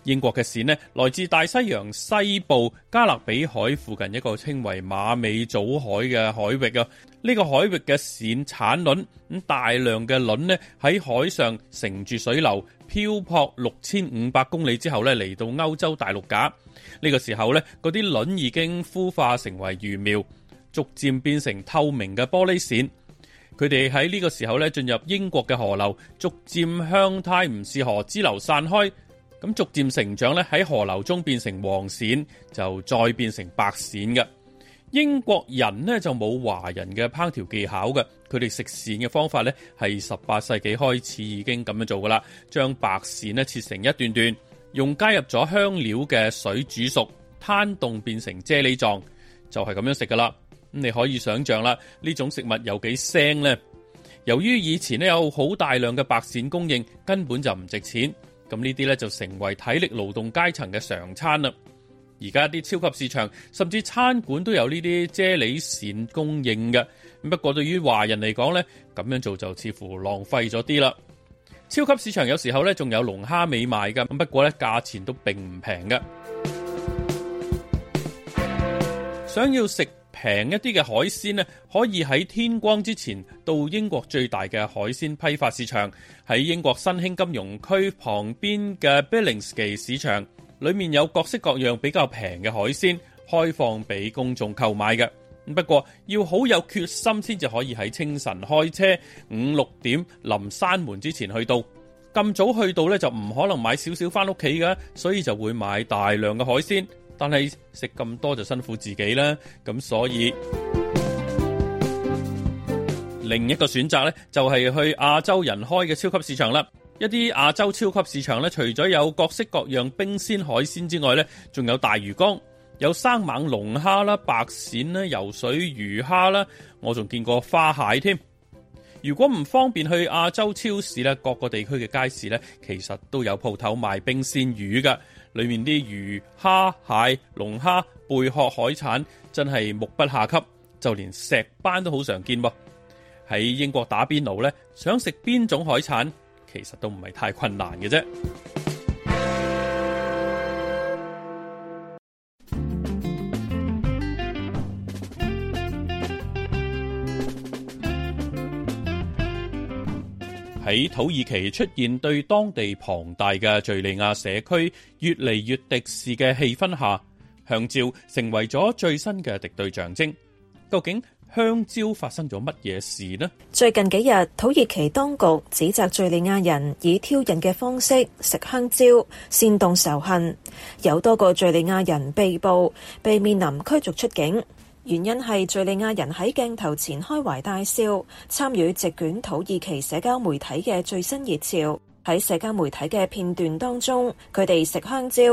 英國嘅鱔咧，來自大西洋西部加勒比海附近一個稱為馬尾藻海嘅海域啊。呢、這個海域嘅鱔產卵，咁大量嘅卵咧喺海上乘住水流漂泊六千五百公里之後咧，嚟到歐洲大陸架呢、這個時候呢嗰啲卵已經孵化成為魚苗。逐漸變成透明嘅玻璃鱔，佢哋喺呢個時候咧進入英國嘅河流，逐漸向泰晤士河支流散開，咁逐漸成長咧喺河流中變成黃鱔，就再變成白鱔嘅。英國人呢，就冇華人嘅烹調技巧嘅，佢哋食鱔嘅方法咧係十八世紀開始已經咁樣做噶啦，將白鱔咧切成一段段，用加入咗香料嘅水煮熟，攤凍變成啫喱狀，就係咁樣食噶啦。咁你可以想象啦，呢種食物有幾腥呢？由於以前呢有好大量嘅白鱔供應，根本就唔值錢。咁呢啲呢，就成為體力勞動階層嘅常餐啦。而家啲超級市場甚至餐館都有呢啲啫喱鱔供應嘅。不過對於華人嚟講呢，咁樣做就似乎浪費咗啲啦。超級市場有時候呢，仲有龍蝦尾賣噶，不過呢，價錢都並唔平㗎。想要食？平一啲嘅海鮮咧，可以喺天光之前到英國最大嘅海鮮批發市場，喺英國新興金融區旁邊嘅 Billingsgate 市場，裏面有各式各樣比較平嘅海鮮開放俾公眾購買嘅。不過要好有決心先至可以喺清晨開車五六點臨閂門之前去到，咁早去到呢，就唔可能買少少翻屋企嘅，所以就會買大量嘅海鮮。但係食咁多就辛苦自己啦，咁所以另一個選擇呢，就係去亞洲人開嘅超級市場啦。一啲亞洲超級市場呢，除咗有各式各樣冰鮮海鮮之外呢，仲有大魚缸，有生猛龍蝦啦、白鱔啦、游水魚蝦啦，我仲見過花蟹添。如果唔方便去亞洲超市呢，各個地區嘅街市呢，其實都有鋪頭賣冰鮮魚噶。裏面啲魚、蝦、蟹、龍蝦、貝殼、海產真係目不暇給，就連石斑都好常見。喎，喺英國打邊爐呢，想食邊種海產，其實都唔係太困難嘅啫。喺土耳其出現對當地龐大嘅敘利亞社區越嚟越敵視嘅氣氛下，香蕉成為咗最新嘅敵對象徵。究竟香蕉發生咗乜嘢事呢？
最近幾日，土耳其當局指責敘利亞人以挑釁嘅方式食香蕉，煽動仇恨。有多個敘利亞人被捕，被面臨驅逐出境。原因係敍利亞人喺鏡頭前開懷大笑，參與席捲土耳其社交媒體嘅最新熱潮。喺社交媒體嘅片段當中，佢哋食香蕉，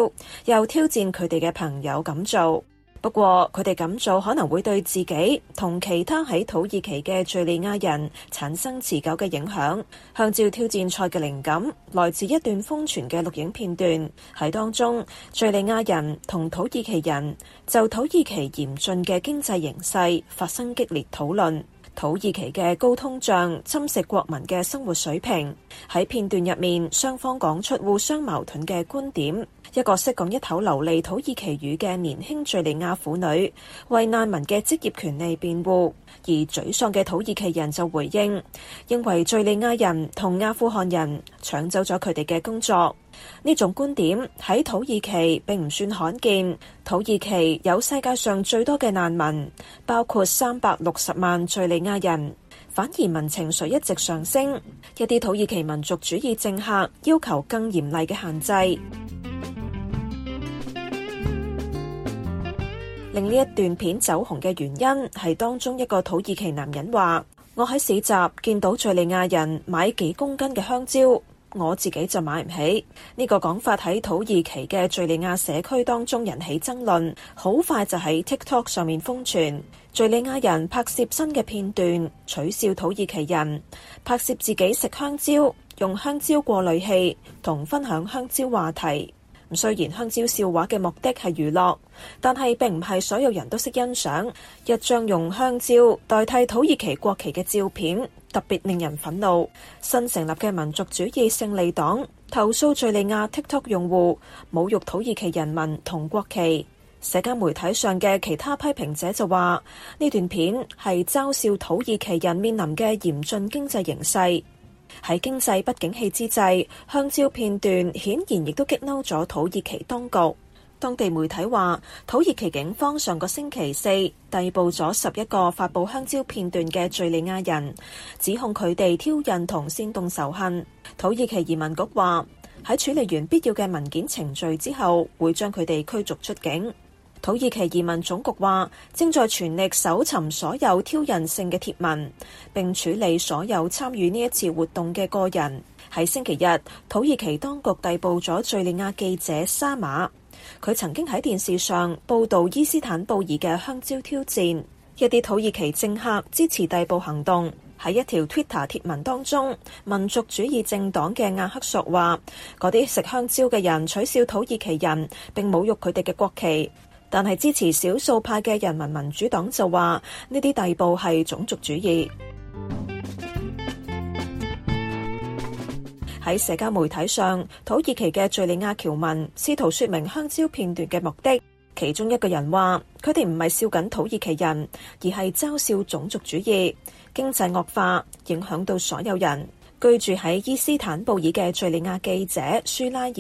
又挑戰佢哋嘅朋友咁做。不過，佢哋咁做可能會對自己同其他喺土耳其嘅敍利亞人產生持久嘅影響。向照挑戰賽嘅靈感來自一段瘋傳嘅錄影片段，喺當中敍利亞人同土耳其人就土耳其嚴峻嘅經濟形勢發生激烈討論。土耳其嘅高通脹侵蝕國民嘅生活水平。喺片段入面，雙方講出互相矛盾嘅觀點。一個識講一口流利土耳其語嘅年輕敍利亞婦女，為難民嘅職業權利辯護，而沮喪嘅土耳其人就回應，認為敍利亞人同阿富汗人搶走咗佢哋嘅工作。呢種觀點喺土耳其並唔算罕見。土耳其有世界上最多嘅難民，包括三百六十萬敍利亞人，反移民情緒一直上升。一啲土耳其民族主義政客要求更嚴厲嘅限制。令呢一段片走紅嘅原因係當中一個土耳其男人話：我喺市集見到敘利亞人買幾公斤嘅香蕉，我自己就買唔起。呢個講法喺土耳其嘅敘利亞社區當中引起爭論，好快就喺 TikTok 上面瘋傳。敘利亞人拍攝新嘅片段，取笑土耳其人，拍攝自己食香蕉、用香蕉過濾器同分享香蕉話題。雖然香蕉笑話嘅目的係娛樂，但係並唔係所有人都識欣賞。一張用香蕉代替土耳其國旗嘅照片，特別令人憤怒。新成立嘅民族主義勝利黨投訴敍利亞 TikTok 用戶侮辱土耳其人民同國旗。社交媒體上嘅其他批評者就話：呢段片係嘲笑土耳其人面臨嘅嚴峻經濟形勢。喺經濟不景氣之際，香蕉片段顯然亦都激嬲咗土耳其當局。當地媒體話，土耳其警方上個星期四逮捕咗十一個發布香蕉片段嘅敍利亞人，指控佢哋挑釁同煽動仇恨。土耳其移民局話，喺處理完必要嘅文件程序之後，會將佢哋驅逐出境。土耳其移民總局話，正在全力搜尋所有挑釁性嘅貼文，並處理所有參與呢一次活動嘅個人。喺星期日，土耳其當局逮捕咗敘利亞記者沙馬，佢曾經喺電視上報道伊斯坦布爾嘅香蕉挑戰。一啲土耳其政客支持逮捕行動。喺一條 Twitter 貼文當中，民族主義政黨嘅阿克索話，嗰啲食香蕉嘅人取笑土耳其人，並侮辱佢哋嘅國旗。但係支持少數派嘅人民民主黨就話：呢啲逮捕係種族主義。喺 社交媒體上，土耳其嘅敍利亞僑民試圖説明香蕉片段嘅目的。其中一個人話：佢哋唔係笑緊土耳其人，而係嘲笑種族主義、經濟惡化，影響到所有人。居住喺伊斯坦布爾嘅敘利亞記者舒拉爾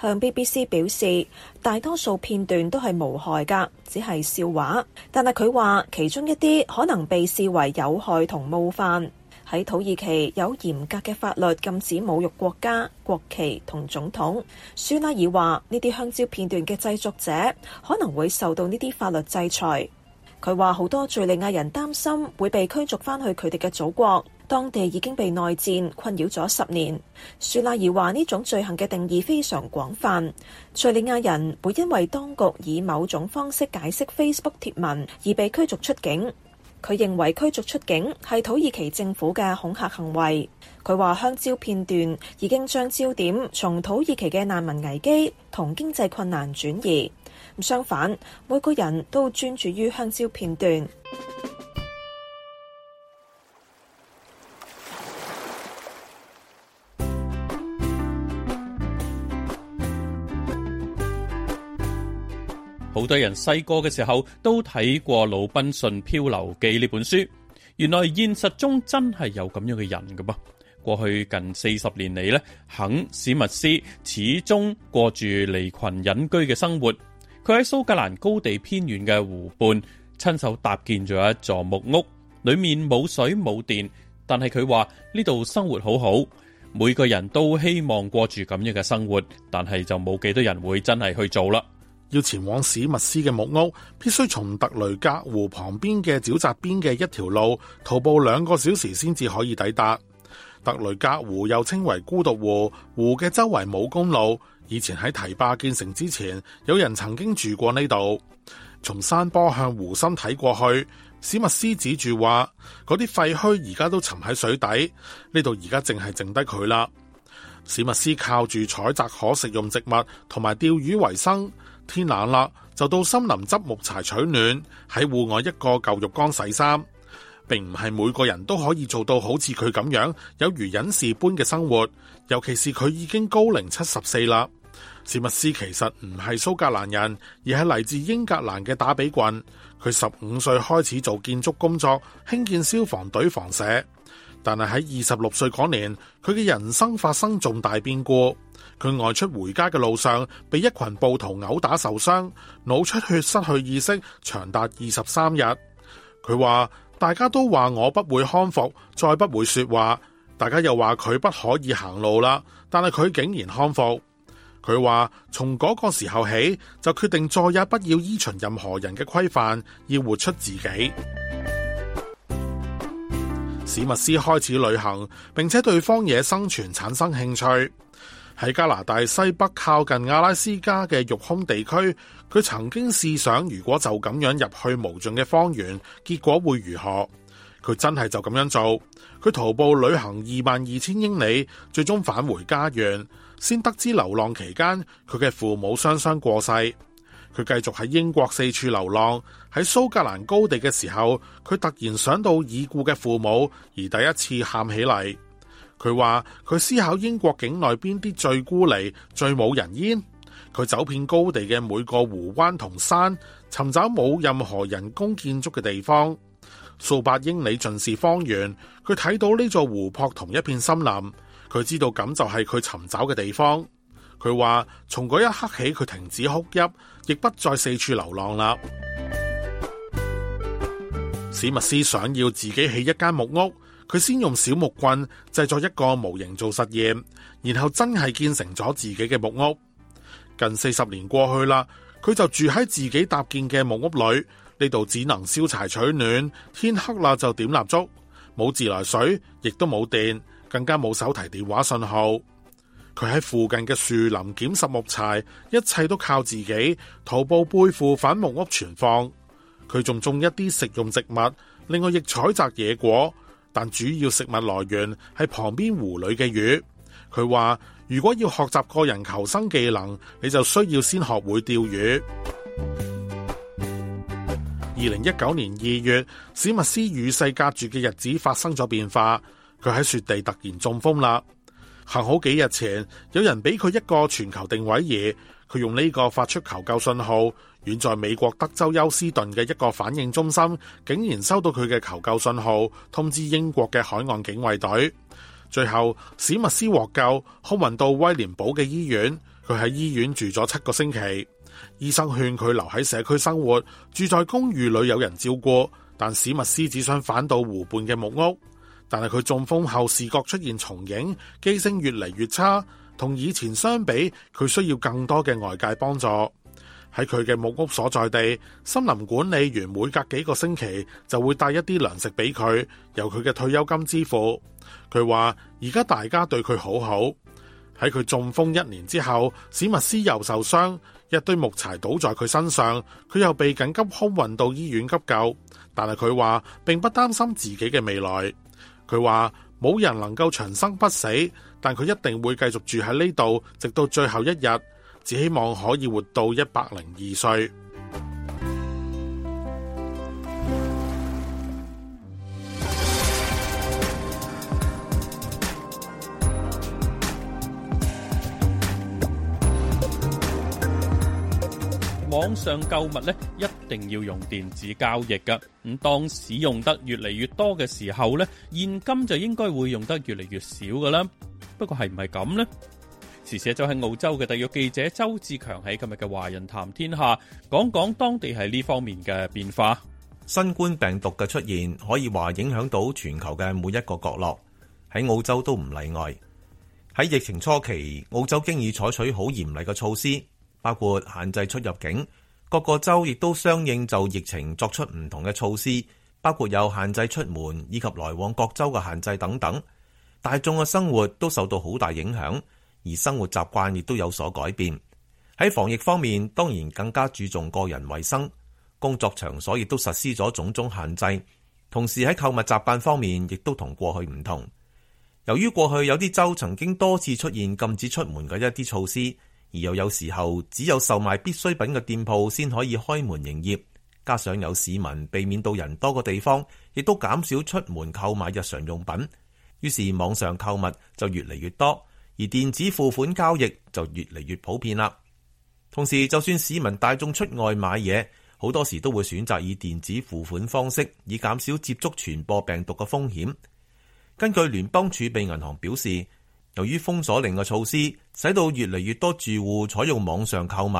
向 BBC 表示，大多數片段都係無害㗎，只係笑話。但係佢話其中一啲可能被視為有害同冒犯。喺土耳其有嚴格嘅法律禁止侮辱國家、國旗同總統。舒拉爾話呢啲香蕉片段嘅製作者可能會受到呢啲法律制裁。佢話好多敍利亞人擔心會被驅逐返去佢哋嘅祖國，當地已經被內戰困擾咗十年。雪拉兒話呢種罪行嘅定義非常廣泛，敍利亞人會因為當局以某種方式解釋 Facebook 貼文而被驅逐出境。佢認為驅逐出境係土耳其政府嘅恐嚇行為。佢話香蕉片段已經將焦點從土耳其嘅難民危機同經濟困難轉移。相反，每個人都專注於香蕉片段。
好多人細個嘅時候都睇過《魯賓遜漂流記》呢本書。原來現實中真係有咁樣嘅人噶噃。過去近四十年嚟咧，肯史密斯始終過住離群隱居嘅生活。佢喺蘇格蘭高地偏遠嘅湖畔親手搭建咗一座木屋，裏面冇水冇電，但係佢話呢度生活好好，每個人都希望過住咁樣嘅生活，但係就冇幾多人會真係去做啦。
要前往史密斯嘅木屋，必須從特雷格湖旁邊嘅沼澤邊嘅一條路徒步兩個小時先至可以抵達。特雷格湖又稱為孤獨湖，湖嘅周圍冇公路。以前喺堤壩建成之前，有人曾經住過呢度。從山坡向湖心睇過去，史密斯指住話：嗰啲廢墟而家都沉喺水底，呢度而家淨係剩低佢啦。史密斯靠住採集可食用植物同埋釣魚為生，天冷啦，就到森林執木柴取暖，喺戶外一個舊浴缸洗衫。並唔係每個人都可以做到好似佢咁樣，有如隱士般嘅生活。尤其是佢已經高齡七十四啦。史密斯其實唔係蘇格蘭人，而係嚟自英格蘭嘅打比郡。佢十五歲開始做建築工作，興建消防隊房舍。但係喺二十六歲嗰年，佢嘅人生發生重大變故。佢外出回家嘅路上，被一群暴徒毆打受傷，腦出血，失去意識長達二十三日。佢話。大家都話我不會康復，再不會說話。大家又話佢不可以行路啦，但係佢竟然康復。佢話從嗰個時候起，就決定再也不要依循任何人嘅規範，要活出自己。史密斯開始旅行，並且對荒野生存產生興趣。喺加拿大西北靠近阿拉斯加嘅育空地區。佢曾經試想，如果就咁樣入去無盡嘅荒原，結果會如何？佢真係就咁樣做。佢徒步旅行二萬二千英里，最終返回家園，先得知流浪期間，佢嘅父母雙雙過世。佢繼續喺英國四處流浪，喺蘇格蘭高地嘅時候，佢突然想到已故嘅父母，而第一次喊起嚟。佢話，佢思考英國境內邊啲最孤離、最冇人煙。佢走遍高地嘅每個湖灣同山，尋找冇任何人工建築嘅地方。數百英里盡是方圓，佢睇到呢座湖泊同一片森林，佢知道咁就係佢尋找嘅地方。佢話從嗰一刻起，佢停止哭泣，亦不再四處流浪啦。史密斯想要自己起一間木屋，佢先用小木棍製作一個模型做實驗，然後真係建成咗自己嘅木屋。近四十年過去啦，佢就住喺自己搭建嘅木屋裏，呢度只能燒柴取暖，天黑啦就點蠟燭，冇自來水，亦都冇電，更加冇手提電話信號。佢喺附近嘅樹林撿拾木柴，一切都靠自己，徒步背負返木屋存放。佢仲種一啲食用植物，另外亦採摘野果，但主要食物來源係旁邊湖裏嘅魚。佢話。如果要學習個人求生技能，你就需要先學會釣魚。二零一九年二月，史密斯與世隔絕嘅日子發生咗變化，佢喺雪地突然中風啦。幸好幾日前，有人俾佢一個全球定位儀，佢用呢個發出求救信號，遠在美國德州休斯頓嘅一個反應中心，竟然收到佢嘅求救信號，通知英國嘅海岸警衛隊。最後史密斯獲救，空運到威廉堡嘅醫院。佢喺醫院住咗七個星期，醫生勸佢留喺社區生活，住在公寓裏有人照顧。但史密斯只想返到湖畔嘅木屋。但係佢中風後視覺出現重影，機聲越嚟越差，同以前相比，佢需要更多嘅外界幫助。喺佢嘅木屋所在地，森林管理員每隔幾個星期就會帶一啲糧食俾佢，由佢嘅退休金支付。佢話而家大家對佢好好，喺佢中風一年之後，史密斯又受傷，一堆木柴倒在佢身上，佢又被緊急空運到醫院急救。但係佢話並不擔心自己嘅未來。佢話冇人能夠長生不死，但佢一定會繼續住喺呢度，直到最後一日。只希望可以活到一百零二歲。
網上購物咧，一定要用電子交易噶。咁當使用得越嚟越多嘅時候咧，現金就應該會用得越嚟越少噶啦。不過係唔係咁呢？時事就喺澳洲嘅特約記者周志強喺今日嘅《華人談天下》
講講當地喺呢方面嘅變化。新冠病毒嘅出現可以話影響到全球嘅每一個角落，喺澳洲都唔例外。喺疫情初期，澳洲經已採取好嚴厲嘅措施。包括限制出入境，各個州亦都相應就疫情作出唔同嘅措施，包括有限制出門以及來往各州嘅限制等等。大眾嘅生活都受到好大影響，而生活習慣亦都有所改變。喺防疫方面，當然更加注重個人衛生，工作場所亦都實施咗種種限制。同時喺購物習慣方面，亦都同過去唔同。由於過去有啲州曾經多次出現禁止出門嘅一啲措施。而又有時候只有售賣必需品嘅店鋪先可以開門營業，加上有市民避免到人多嘅地方，亦都減少出門購買日常用品，於是網上購物就越嚟越多，而電子付款交易就越嚟越普遍啦。同時，就算市民大眾出外買嘢，好多時都會選擇以電子付款方式，以減少接觸傳播病毒嘅風險。根據聯邦儲備銀行表示，由於封鎖令嘅措施，使到越嚟越多住戶採用網上購物。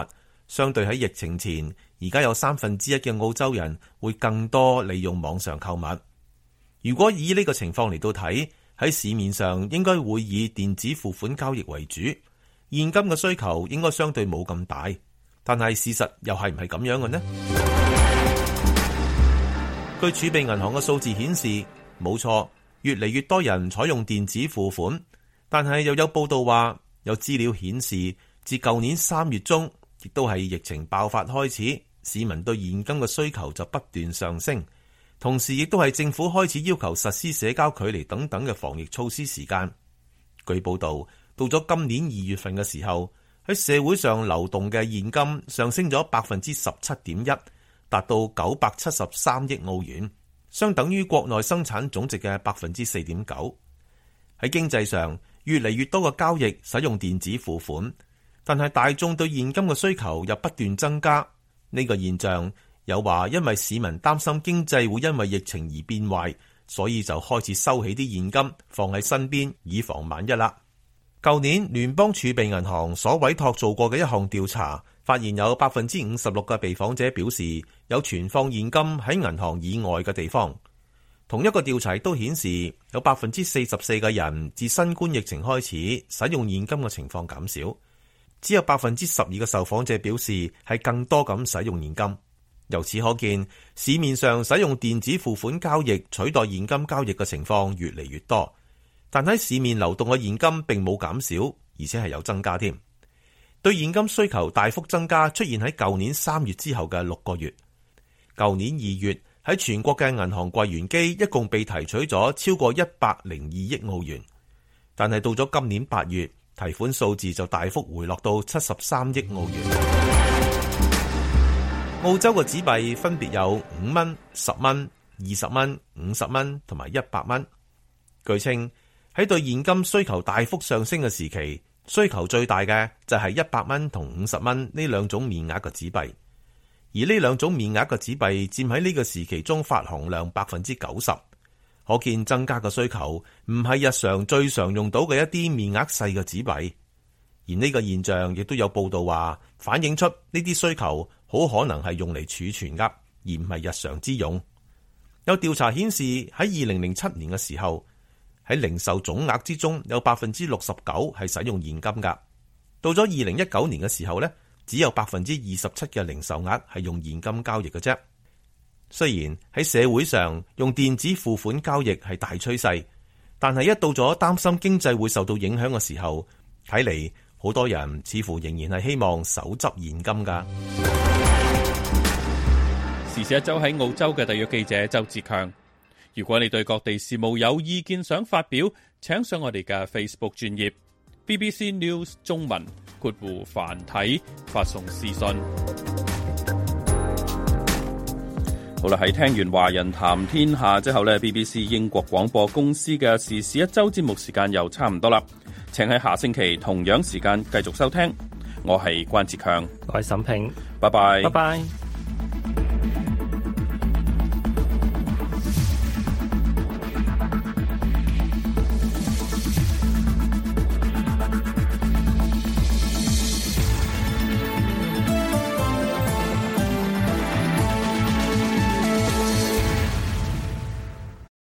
相對喺疫情前，而家有三分之一嘅澳洲人會更多利用網上購物。如果以呢個情況嚟到睇，喺市面上應該會以電子付款交易為主，現金嘅需求應該相對冇咁大。但係事實又係唔係咁樣嘅呢？ 據儲備銀行嘅數字顯示，冇錯，越嚟越多人採用電子付款。但係又有報道話，有資料顯示，自舊年三月中，亦都係疫情爆發開始，市民對現金嘅需求就不斷上升。同時，亦都係政府開始要求實施社交距離等等嘅防疫措施時間。據報道，到咗今年二月份嘅時候，喺社會上流動嘅現金上升咗百分之十七點一，達到九百七十三億澳元，相等於國內生產總值嘅百分之四點九。喺經濟上。越嚟越多嘅交易使用電子付款，但係大眾對現金嘅需求又不斷增加。呢個現象有話，因為市民擔心經濟會因為疫情而變壞，所以就開始收起啲現金放喺身邊，以防萬一啦。舊年聯邦儲備銀行所委託做過嘅一項調查，發現有百分之五十六嘅被訪者表示有存放現金喺銀行以外嘅地方。同一個調查都顯示有，有百分之四十四嘅人自新冠疫情開始使用現金嘅情況減少，只有百分之十二嘅受訪者表示係更多咁使用現金。由此可見，市面上使用電子付款交易取代現金交易嘅情況越嚟越多，但喺市面流動嘅現金並冇減少，而且係有增加添。對現金需求大幅增加，出現喺舊年三月之後嘅六個月，舊年二月。喺全國嘅銀行櫃員機一共被提取咗超過一百零二億澳元，但係到咗今年八月，提款數字就大幅回落到七十三億澳元。澳洲嘅紙幣分別有五蚊、十蚊、二十蚊、五十蚊同埋一百蚊。據稱，喺對現金需求大幅上升嘅時期，需求最大嘅就係一百蚊同五十蚊呢兩種面額嘅紙幣。而呢兩種面額嘅紙幣佔喺呢個時期中發行量百分之九十，可見增加嘅需求唔係日常最常用到嘅一啲面額細嘅紙幣。而呢個現象亦都有報道話，反映出呢啲需求好可能係用嚟儲存額，而唔係日常之用。有調查顯示喺二零零七年嘅時候，喺零售總額之中有百分之六十九係使用現金噶。到咗二零一九年嘅時候呢。只有百分之二十七嘅零售額係用現金交易嘅啫。雖然喺社會上用電子付款交易係大趨勢，但係一到咗擔心經濟會受到影響嘅時候，睇嚟好多人似乎仍然係希望手執現金噶。時事一周喺澳洲嘅特約記者周志強，如
果你對各地事務有意見想發表，請上我哋嘅 Facebook 專頁。BBC News 中文括弧繁體發送私信。好啦，喺聽完華人談天下之後呢，BBC 英國廣播公司嘅時事一周節目時間又差唔多啦，請喺下星期同樣時間繼續收聽。我係關智強，我係沈平，拜拜，拜拜。